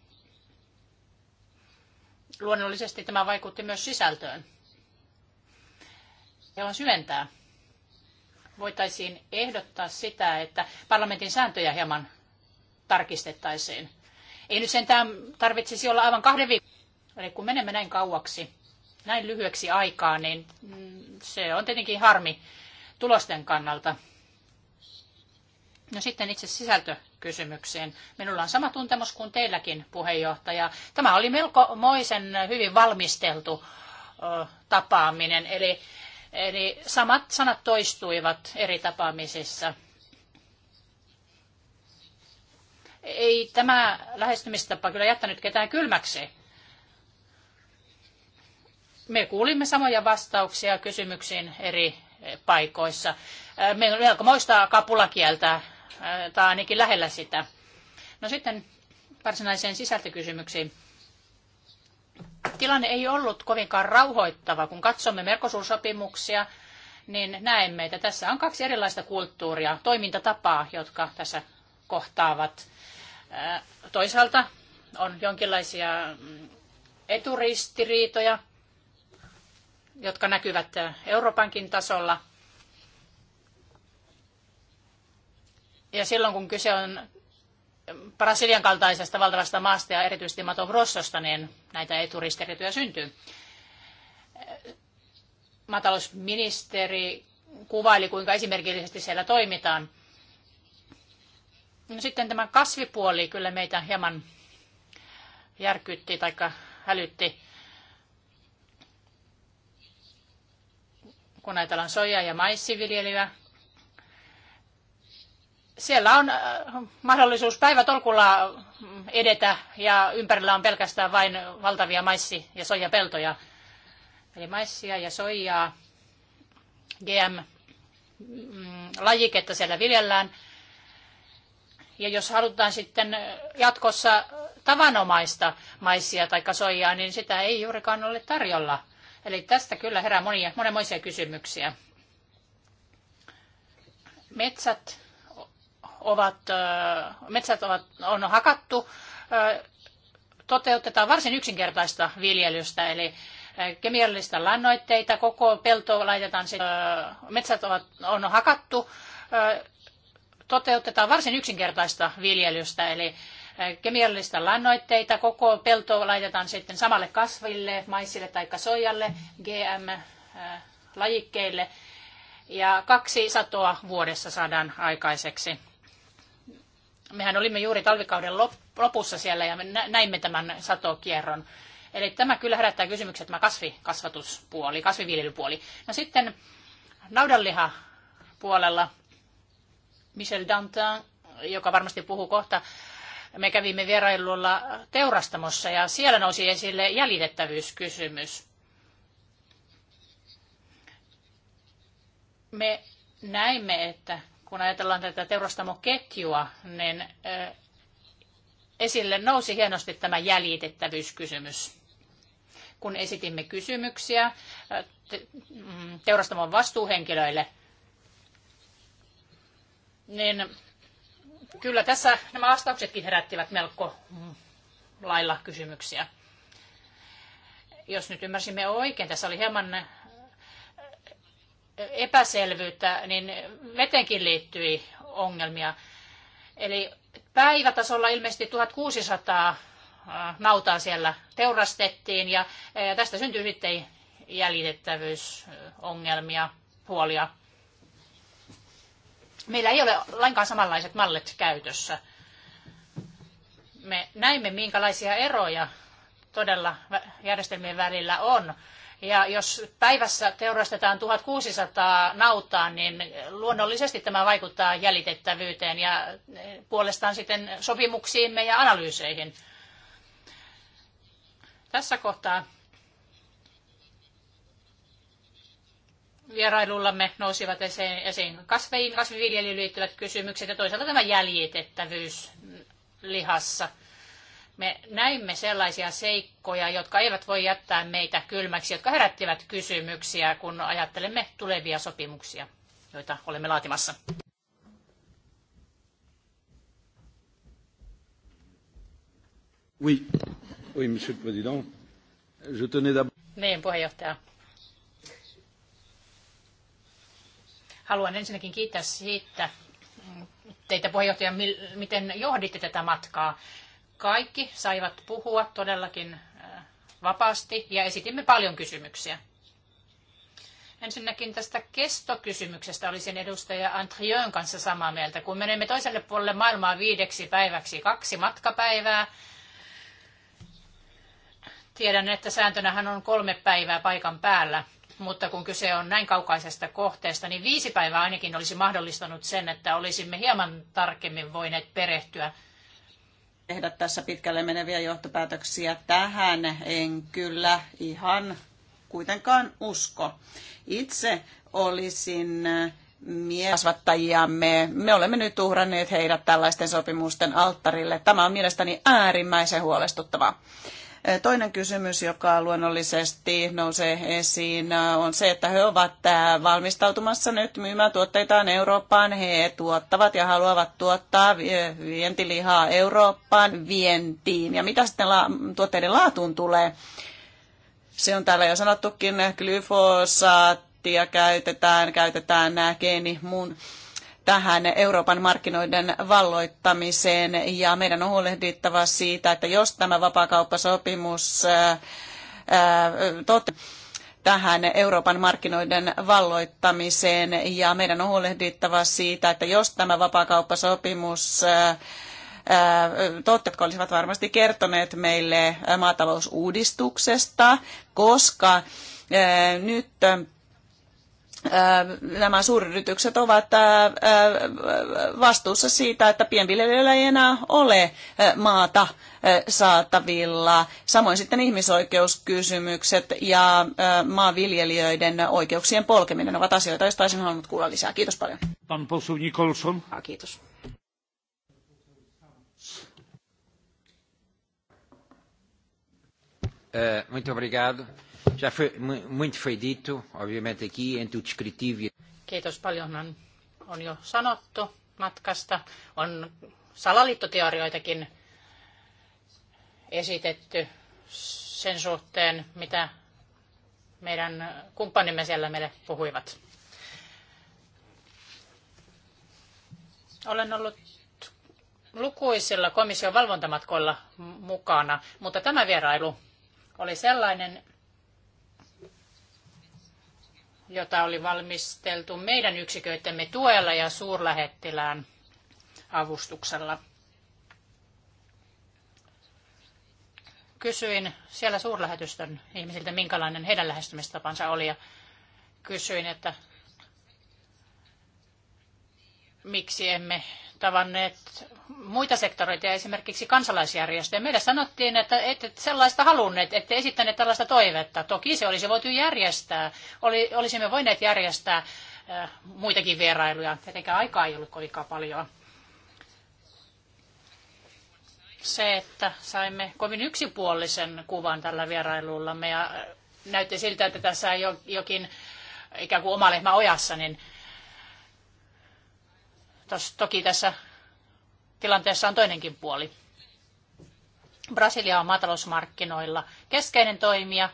luonnollisesti tämä vaikutti myös sisältöön. ja on syventää. Voitaisiin ehdottaa sitä, että parlamentin sääntöjä hieman tarkistettaisiin. Ei nyt sentään tarvitsisi olla aivan kahden viikon. Eli kun menemme näin kauaksi, näin lyhyeksi aikaa, niin mm, se on tietenkin harmi tulosten kannalta. No sitten itse sisältökysymykseen. Minulla on sama tuntemus kuin teilläkin, puheenjohtaja. Tämä oli melko moisen hyvin valmisteltu ö, tapaaminen, eli, eli samat sanat toistuivat eri tapaamisissa. Ei tämä lähestymistapa kyllä jättänyt ketään kylmäksi. Me kuulimme samoja vastauksia kysymyksiin eri paikoissa. melko moista kapulakieltä Äh, tai ainakin lähellä sitä. No sitten varsinaiseen sisältökysymyksiin. Tilanne ei ollut kovinkaan rauhoittava. Kun katsomme Merkosuursopimuksia, niin näemme, että tässä on kaksi erilaista kulttuuria, toimintatapaa, jotka tässä kohtaavat. Äh, toisaalta on jonkinlaisia mm, eturistiriitoja, jotka näkyvät Euroopankin tasolla – Ja silloin kun kyse on Brasilian kaltaisesta valtavasta maasta ja erityisesti Mato Grossosta, niin näitä eturistiriitoja syntyy. Matalousministeri kuvaili, kuinka esimerkillisesti siellä toimitaan. No sitten tämä kasvipuoli kyllä meitä hieman järkytti tai hälytti. Kun ajatellaan soja- ja maissiviljelyä, siellä on äh, mahdollisuus päivätolkulla edetä ja ympärillä on pelkästään vain valtavia maissi- ja soijapeltoja. Eli maissia ja soijaa, GM-lajiketta mm, siellä viljellään. Ja jos halutaan sitten jatkossa tavanomaista maissia tai soijaa, niin sitä ei juurikaan ole tarjolla. Eli tästä kyllä herää monia, monenmoisia kysymyksiä. Metsät ovat, metsät ovat, on hakattu, toteutetaan varsin yksinkertaista viljelystä, eli kemiallista lannoitteita, koko pelto laitetaan, metsät ovat, on hakattu, toteutetaan varsin yksinkertaista viljelystä, eli kemiallista lannoitteita, koko pelto laitetaan sitten samalle kasville, maisille tai soijalle, GM-lajikkeille, ja kaksi satoa vuodessa saadaan aikaiseksi. Mehän olimme juuri talvikauden lopussa siellä ja me näimme tämän satokierron. Eli tämä kyllä herättää kysymykset, tämä kasvikasvatuspuoli, kasviviljelypuoli. No sitten naudanliha puolella Michel Dantin, joka varmasti puhuu kohta, me kävimme vierailulla teurastamossa ja siellä nousi esille jäljitettävyyskysymys. Me näimme, että kun ajatellaan tätä teurastamoketjua, niin esille nousi hienosti tämä jäljitettävyyskysymys. Kun esitimme kysymyksiä mm, teurastamon vastuuhenkilöille, niin kyllä tässä nämä vastauksetkin herättivät melko mm, lailla kysymyksiä. Jos nyt ymmärsimme oikein, tässä oli hieman epäselvyyttä, niin vetenkin liittyi ongelmia. Eli päivätasolla ilmeisesti 1600 äh, nautaa siellä teurastettiin ja äh, tästä syntyi sitten jäljitettävyysongelmia, huolia. Meillä ei ole lainkaan samanlaiset mallit käytössä. Me näimme, minkälaisia eroja todella järjestelmien välillä on. Ja jos päivässä teurastetaan 1600 nautaa, niin luonnollisesti tämä vaikuttaa jäljitettävyyteen ja eh, puolestaan sitten sopimuksiimme ja analyyseihin. Tässä kohtaa vierailullamme nousivat esiin kasveihin, kasviviljelyyn liittyvät kysymykset ja toisaalta tämä jäljitettävyys lihassa – me näimme sellaisia seikkoja, jotka eivät voi jättää meitä kylmäksi, jotka herättivät kysymyksiä, kun ajattelemme tulevia sopimuksia, joita olemme laatimassa. Oui. Oui, monsieur le président. Je tenais Niin, puheenjohtaja. Haluan ensinnäkin kiittää siitä teitä puheenjohtaja, miten johditte tätä matkaa kaikki saivat puhua todellakin äh, vapaasti ja esitimme paljon kysymyksiä. Ensinnäkin tästä kestokysymyksestä olisin edustaja Antrion kanssa samaa mieltä. Kun menemme toiselle puolelle maailmaa viideksi päiväksi, kaksi matkapäivää, tiedän, että sääntönähän on kolme päivää paikan päällä, mutta kun kyse on näin kaukaisesta kohteesta, niin viisi päivää ainakin olisi mahdollistanut sen, että olisimme hieman tarkemmin voineet perehtyä tehdä tässä pitkälle meneviä johtopäätöksiä tähän. En kyllä ihan kuitenkaan usko. Itse olisin kasvattajiamme. Me olemme nyt uhranneet heidät tällaisten sopimusten alttarille. Tämä on mielestäni äärimmäisen huolestuttavaa. Toinen kysymys, joka luonnollisesti nousee esiin, on se, että he ovat valmistautumassa nyt myymään tuotteitaan Eurooppaan. He tuottavat ja haluavat tuottaa vientilihaa Eurooppaan vientiin. Ja mitä sitten tuotteiden laatuun tulee? Se on täällä jo sanottukin, glyfosaattia käytetään, käytetään nämä geenimuun tähän Euroopan markkinoiden valloittamiseen ja meidän on huolehdittava siitä, että jos tämä vapaakauppasopimus toteutuu, tähän Euroopan markkinoiden valloittamiseen ja meidän on huolehdittava siitä, että jos tämä vapaakauppasopimus totta, olisivat varmasti kertoneet meille maatalousuudistuksesta, koska nyt nämä suuryritykset ovat vastuussa siitä, että pienviljelijöillä ei enää ole maata saatavilla. Samoin sitten ihmisoikeuskysymykset ja maanviljelijöiden oikeuksien polkeminen ovat asioita, joista olisin halunnut kuulla lisää. Kiitos paljon. Pan poseł Kiitos. Eh, muito obrigado. Já foi muito foi dito, obviamente aqui entre o descritivo e... Kiitos paljon on, on jo sanottu matkasta. On salaliittoteorioitakin esitetty sen suhteen, mitä meidän kumppanimme siellä meille puhuivat. Olen ollut lukuisilla komission valvontamatkoilla mukana, mutta tämä vierailu oli sellainen, jota oli valmisteltu meidän yksiköittemme tuella ja suurlähettilään avustuksella. Kysyin siellä suurlähetystön ihmisiltä, minkälainen heidän lähestymistapansa oli, ja kysyin, että miksi emme tavanneet muita sektoreita ja esimerkiksi kansalaisjärjestöjä. Meille sanottiin, että ette sellaista halunneet, ette esittäneet tällaista toivetta. Toki se olisi voitu järjestää, Oli, olisimme voineet järjestää äh, muitakin vierailuja. Tietenkään aikaa ei ollut kovinkaan paljon. Se, että saimme kovin yksipuolisen kuvan tällä vierailullamme ja äh, näytti siltä, että tässä on jokin ikään kuin oma lehmä ojassa, niin Tos, toki tässä tilanteessa on toinenkin puoli. Brasilia on maatalousmarkkinoilla keskeinen toimija,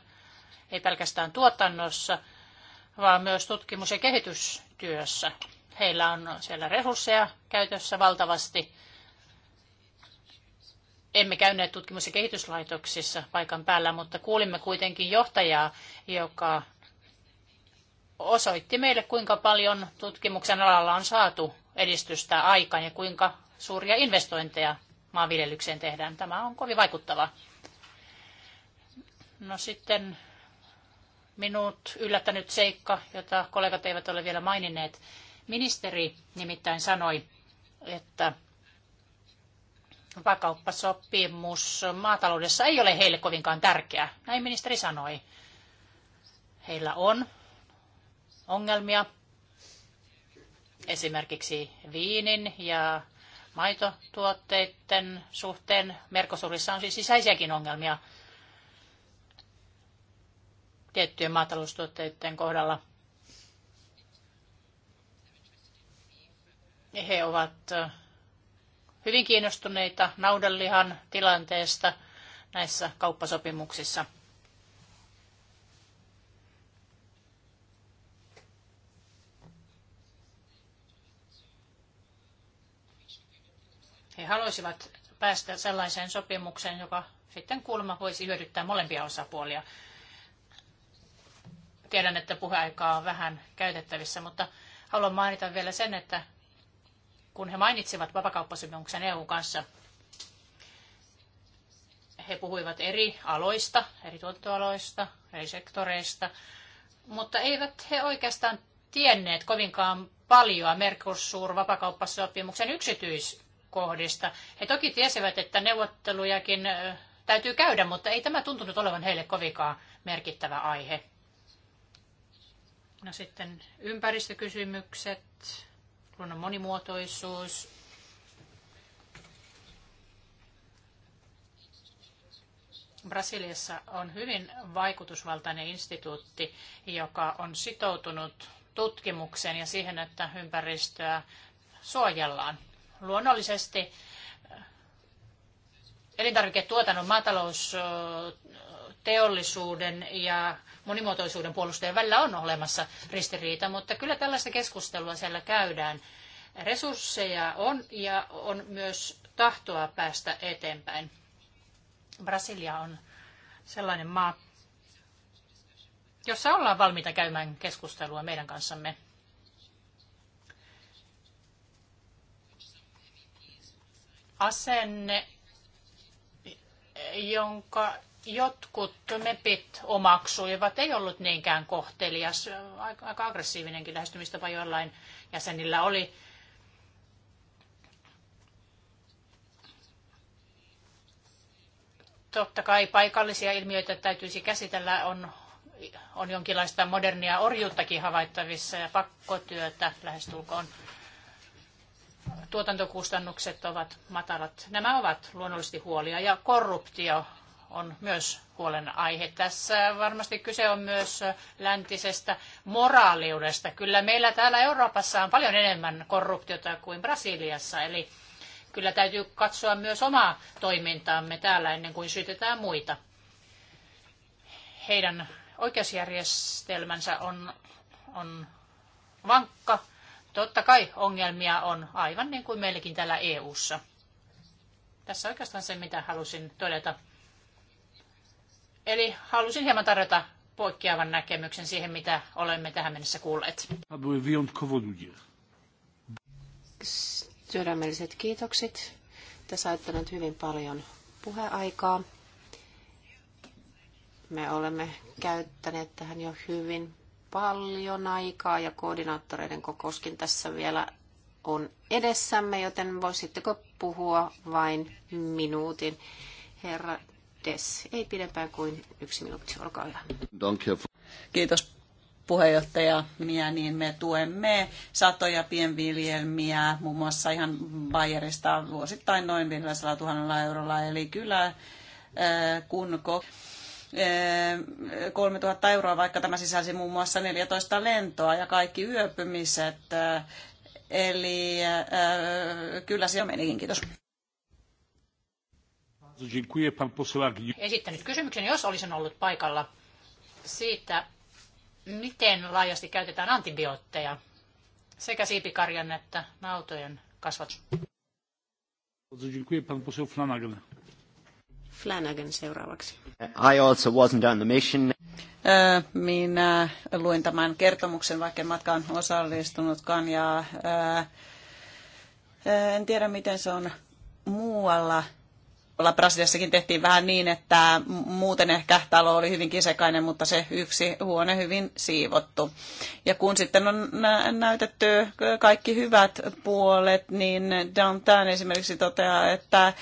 ei pelkästään tuotannossa, vaan myös tutkimus- ja kehitystyössä. Heillä on siellä resursseja käytössä valtavasti. Emme käyneet tutkimus- ja kehityslaitoksissa paikan päällä, mutta kuulimme kuitenkin johtajaa, joka osoitti meille, kuinka paljon tutkimuksen alalla on saatu edistystä aikaan ja kuinka suuria investointeja maanviljelykseen tehdään. Tämä on kovin vaikuttava. No sitten minut yllättänyt seikka, jota kollegat eivät ole vielä maininneet. Ministeri nimittäin sanoi, että vakauppasopimus maataloudessa ei ole heille kovinkaan tärkeä. Näin ministeri sanoi. Heillä on ongelmia esimerkiksi viinin ja maitotuotteiden suhteen. Merkosurissa on siis sisäisiäkin ongelmia tiettyjen maataloustuotteiden kohdalla. He ovat hyvin kiinnostuneita naudanlihan tilanteesta näissä kauppasopimuksissa. He haluaisivat päästä sellaiseen sopimukseen, joka sitten kulma voisi hyödyttää molempia osapuolia. Tiedän, että puheaikaa on vähän käytettävissä, mutta haluan mainita vielä sen, että kun he mainitsivat vapakauppasopimuksen EU kanssa, he puhuivat eri aloista, eri tuottoaloista, eri sektoreista, mutta eivät he oikeastaan tienneet kovinkaan paljon Mercosur-vapakauppasopimuksen yksityis, kohdista. He toki tiesivät, että neuvottelujakin täytyy käydä, mutta ei tämä tuntunut olevan heille kovikaan merkittävä aihe. No sitten ympäristökysymykset, luonnon monimuotoisuus. Brasiliassa on hyvin vaikutusvaltainen instituutti, joka on sitoutunut tutkimukseen ja siihen, että ympäristöä suojellaan. Luonnollisesti äh, elintarviketuotannon, maatalousteollisuuden ja monimuotoisuuden puolustajien välillä on olemassa ristiriita, mutta kyllä tällaista keskustelua siellä käydään. Resursseja on ja on myös tahtoa päästä eteenpäin. Brasilia on sellainen maa, jossa ollaan valmiita käymään keskustelua meidän kanssamme. asenne, jonka jotkut mepit omaksuivat, ei ollut niinkään kohtelias. Aika aggressiivinenkin lähestymistapa joillain jäsenillä oli. Totta kai paikallisia ilmiöitä täytyisi käsitellä. On, on jonkinlaista modernia orjuuttakin havaittavissa ja pakkotyötä lähestulkoon tuotantokustannukset ovat matalat. Nämä ovat luonnollisesti huolia ja korruptio on myös huolenaihe. Tässä varmasti kyse on myös läntisestä moraaliudesta. Kyllä meillä täällä Euroopassa on paljon enemmän korruptiota kuin Brasiliassa, eli kyllä täytyy katsoa myös omaa toimintaamme täällä ennen kuin syytetään muita. Heidän oikeusjärjestelmänsä on, on vankka Totta kai ongelmia on aivan niin kuin meilläkin täällä EU:ssa. Tässä oikeastaan se, mitä halusin todeta. Eli halusin hieman tarjota poikkeavan näkemyksen siihen, mitä olemme tähän mennessä kuulleet. Sydämelliset kiitokset. Te saitte nyt hyvin paljon puheaikaa. Me olemme käyttäneet tähän jo hyvin paljon aikaa ja koordinaattoreiden kokouskin tässä vielä on edessämme, joten voisitteko puhua vain minuutin. Herra Des, ei pidempään kuin yksi minuutti, olkaa hyvä. Kiitos puheenjohtaja minä, niin me tuemme satoja pienviljelmiä, muun muassa ihan Bayerista vuosittain noin 500 000 eurolla. Eli kyllä äh, kun 3000 eh, euroa, vaikka tämä sisälsi muun muassa 14 lentoa ja kaikki yöpymiset. Eh, eli eh, kyllä se menikin, kiitos. Esittänyt kysymyksen, jos olisin ollut paikalla siitä, miten laajasti käytetään antibiootteja sekä siipikarjan että nautojen kasvatus. Dziękuję pan poseł Flanagan seuraavaksi. I also wasn't on the mission. Minä luin tämän kertomuksen, vaikka en matkaan osallistunutkaan, ja en tiedä miten se on muualla Brasiliassakin tehtiin vähän niin, että muuten ehkä talo oli hyvin kisekainen, mutta se yksi huone hyvin siivottu. Ja kun sitten on näytetty kaikki hyvät puolet, niin Downtown esimerkiksi toteaa, että eh,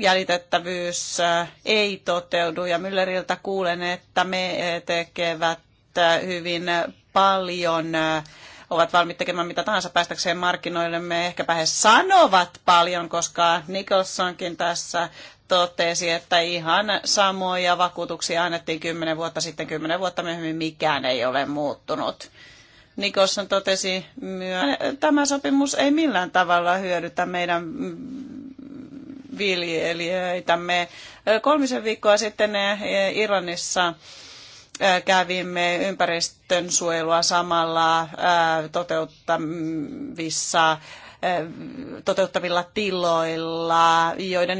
jäljitettävyys eh, ei toteudu. Ja Mülleriltä kuulen, että me eh, tekevät hyvin paljon ovat valmiit tekemään mitä tahansa päästäkseen Me Ehkäpä he sanovat paljon, koska Nicholsonkin tässä totesi, että ihan samoja vakuutuksia annettiin kymmenen vuotta sitten, kymmenen vuotta myöhemmin mikään ei ole muuttunut. Nikosson totesi, että tämä sopimus ei millään tavalla hyödytä meidän viljelijöitämme. Kolmisen viikkoa sitten Irlannissa kävimme ympäristön samalla toteuttavissa toteuttavilla tiloilla, joiden